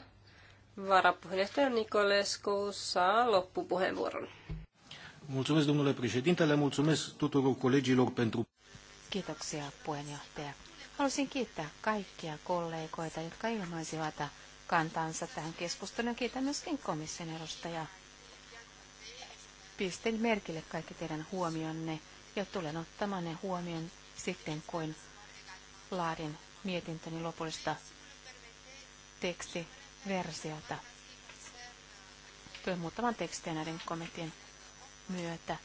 Varapuheenjohtaja Nicolescu saa loppupuheenvuoron. Mulțumesc, domnule președinte, mulțumesc tuturor colegilor pentru... Kiitoksia, puheenjohtaja. Haluaisin kiittää kaikkia kollegoita, jotka ilmaisivat kantansa tähän keskusteluun. Kiitän myöskin komission edustajaa. Pistin merkille kaikki teidän huomionne ja tulen ottamaan ne huomioon sitten, kun laadin mietintöni lopullista teksti versiota. Tuen muutaman tekstejä näiden kommenttien myötä.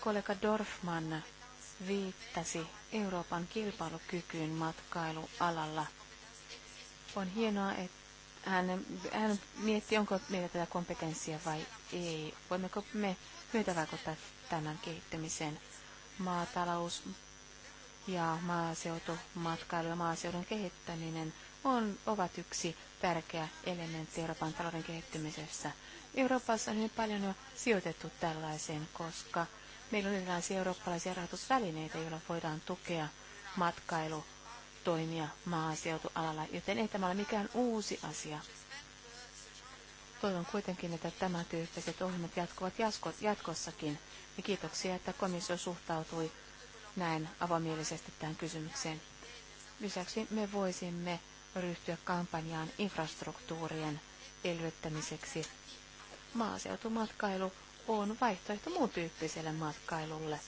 Kollega Dorfman viittasi Euroopan kilpailukykyyn matkailualalla. On hienoa, että hän, hän mietti, onko meillä tätä kompetenssia vai ei. Voimmeko me vaikuttaa tämän kehittymiseen? Maatalous ja maaseutu, matkailu ja maaseudun kehittäminen on, ovat yksi tärkeä elementti Euroopan talouden kehittymisessä. Euroopassa on hyvin paljon jo sijoitettu tällaiseen, koska meillä on erilaisia eurooppalaisia rahoitusvälineitä, joilla voidaan tukea matkailutoimia maaseutualalla, joten ei tämä ole mikään uusi asia. Toivon kuitenkin, että tämä tyyppiset ohjelmat jatkuvat jatkossakin, ja kiitoksia, että komissio suhtautui näin avomielisesti tähän kysymykseen. Lisäksi me voisimme ryhtyä kampanjaan infrastruktuurien elvyttämiseksi. Maaseutumatkailu on vaihtoehto muun tyyppiselle matkailulle.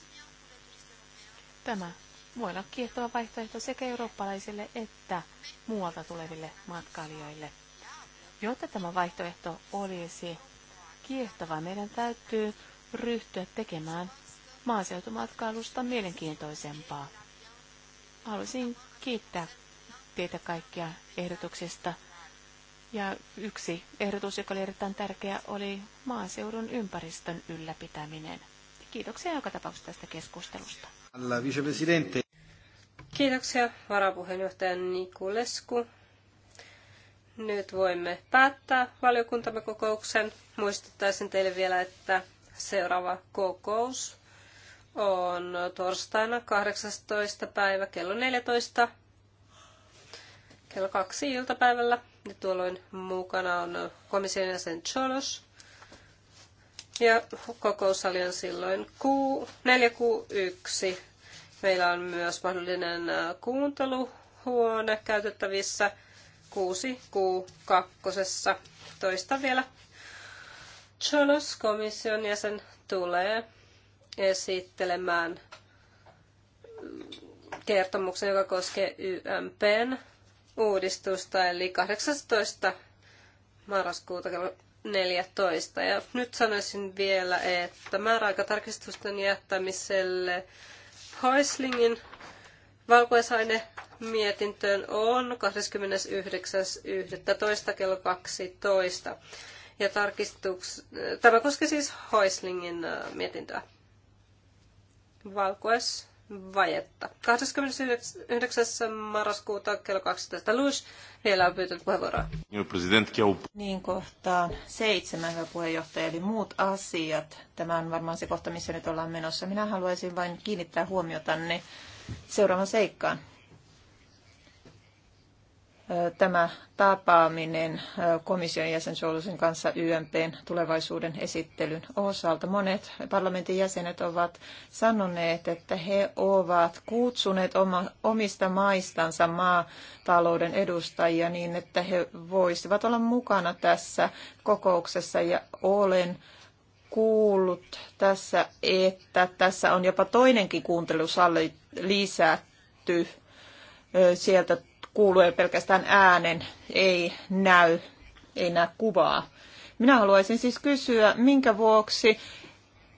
Tämä voi olla kiehtova vaihtoehto sekä eurooppalaisille että muualta tuleville matkailijoille. Jotta tämä vaihtoehto olisi kiehtova, meidän täytyy ryhtyä tekemään maaseutumatkailusta mielenkiintoisempaa. Haluaisin kiittää teitä kaikkia ehdotuksista. Ja yksi ehdotus, joka oli erittäin tärkeä, oli maaseudun ympäristön ylläpitäminen. Kiitoksia joka tapauksessa tästä keskustelusta. Kiitoksia varapuheenjohtaja Nikulesku. Nyt voimme päättää valiokuntamme kokouksen. Muistuttaisin teille vielä, että seuraava kokous on torstaina 18. päivä kello 14 kello kaksi iltapäivällä. Ja tuolloin mukana on komission jäsen Cholos. Ja kokoussali on silloin 4Q1. Meillä on myös mahdollinen äh, kuunteluhuone käytettävissä 6Q2. Toista vielä. Cholos komission jäsen tulee esittelemään mm, kertomuksen, joka koskee YMPn uudistusta, eli 18. marraskuuta kello 14. Ja nyt sanoisin vielä, että määräaikatarkistusten jättämiselle Häuslingin valkuaisaine mietintöön on 29.11. kello 12. Ja tarkistuks... Tämä koskee siis Häuslingin äh, mietintöä. Valkuais vajetta. 29. marraskuuta kello 12 Luis, vielä on pyytänyt puheenvuoroa. Niin kohtaan seitsemän puheenjohtaja, eli muut asiat. Tämä on varmaan se kohta, missä nyt ollaan menossa. Minä haluaisin vain kiinnittää huomiotanne seuraavan seikkaan tämä tapaaminen komission jäsen Scholzin kanssa YMPn tulevaisuuden esittelyn osalta. Monet parlamentin jäsenet ovat sanoneet, että he ovat kutsuneet omista maistansa maatalouden edustajia niin, että he voisivat olla mukana tässä kokouksessa ja olen kuullut tässä, että tässä on jopa toinenkin kuuntelusali lisätty sieltä kuuluu, pelkästään äänen, ei näy, ei näe kuvaa. Minä haluaisin siis kysyä, minkä vuoksi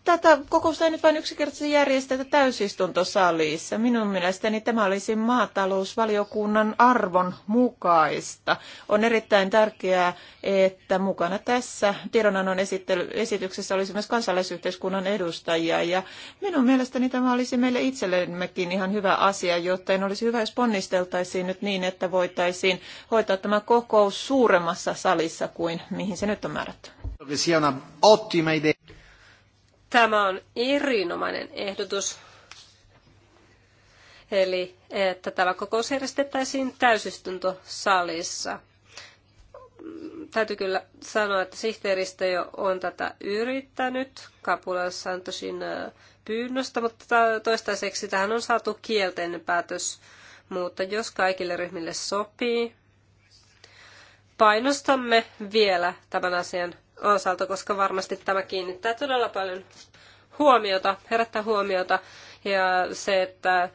Tätä kokousta ei nyt vain yksinkertaisesti järjestetä täysistuntosalissa. Minun mielestäni tämä olisi maatalousvaliokunnan arvon mukaista. On erittäin tärkeää, että mukana tässä tiedonannon esittely, esityksessä olisi myös kansalaisyhteiskunnan edustajia. Ja minun mielestäni tämä olisi meille itsellemmekin ihan hyvä asia, jotta en olisi hyvä, jos ponnisteltaisiin nyt niin, että voitaisiin hoitaa tämä kokous suuremmassa salissa kuin mihin se nyt on määrätty. Se on ottima idea. Tämä on erinomainen ehdotus. Eli että tämä kokous järjestettäisiin täysistuntosalissa. Täytyy kyllä sanoa, että sihteeristö jo on tätä yrittänyt Kapula Santosin pyynnöstä, mutta toistaiseksi tähän on saatu kielteinen päätös. Mutta jos kaikille ryhmille sopii, painostamme vielä tämän asian osalta, koska varmasti tämä kiinnittää todella paljon huomiota, herättää huomiota. Ja se, että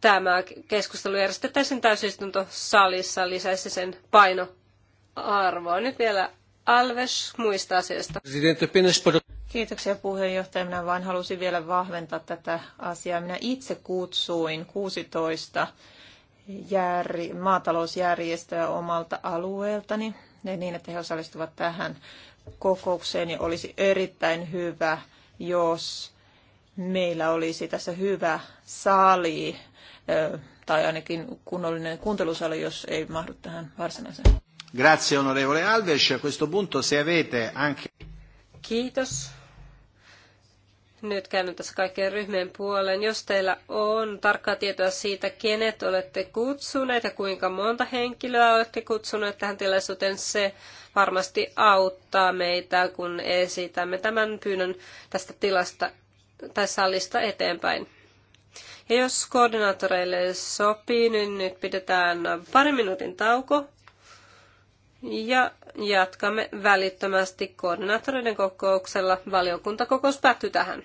tämä keskustelu järjestettäisiin täysistuntosalissa, lisäisi sen painoarvoa. Nyt vielä Alves muista asioista. Kiitoksia puheenjohtaja. Minä vain halusin vielä vahventaa tätä asiaa. Minä itse kutsuin 16 maatalousjärjestöä omalta alueeltani niin, että he osallistuvat tähän kokoukseen niin olisi erittäin hyvä, jos meillä olisi tässä hyvä sali tai ainakin kunnollinen kuuntelusali, jos ei mahdu tähän varsinaiseen. Grazie onorevole Alves. A questo punto se avete anche... Kiitos nyt käännyn tässä kaikkien ryhmien puoleen. Jos teillä on tarkkaa tietoa siitä, kenet olette kutsuneet ja kuinka monta henkilöä olette kutsuneet tähän tilaisuuteen, se varmasti auttaa meitä, kun esitämme tämän pyynnön tästä tilasta tai salista eteenpäin. Ja jos koordinaattoreille sopii, niin nyt pidetään pari minuutin tauko. Ja jatkamme välittömästi koordinaattoreiden kokouksella. Valiokuntakokous päättyy tähän.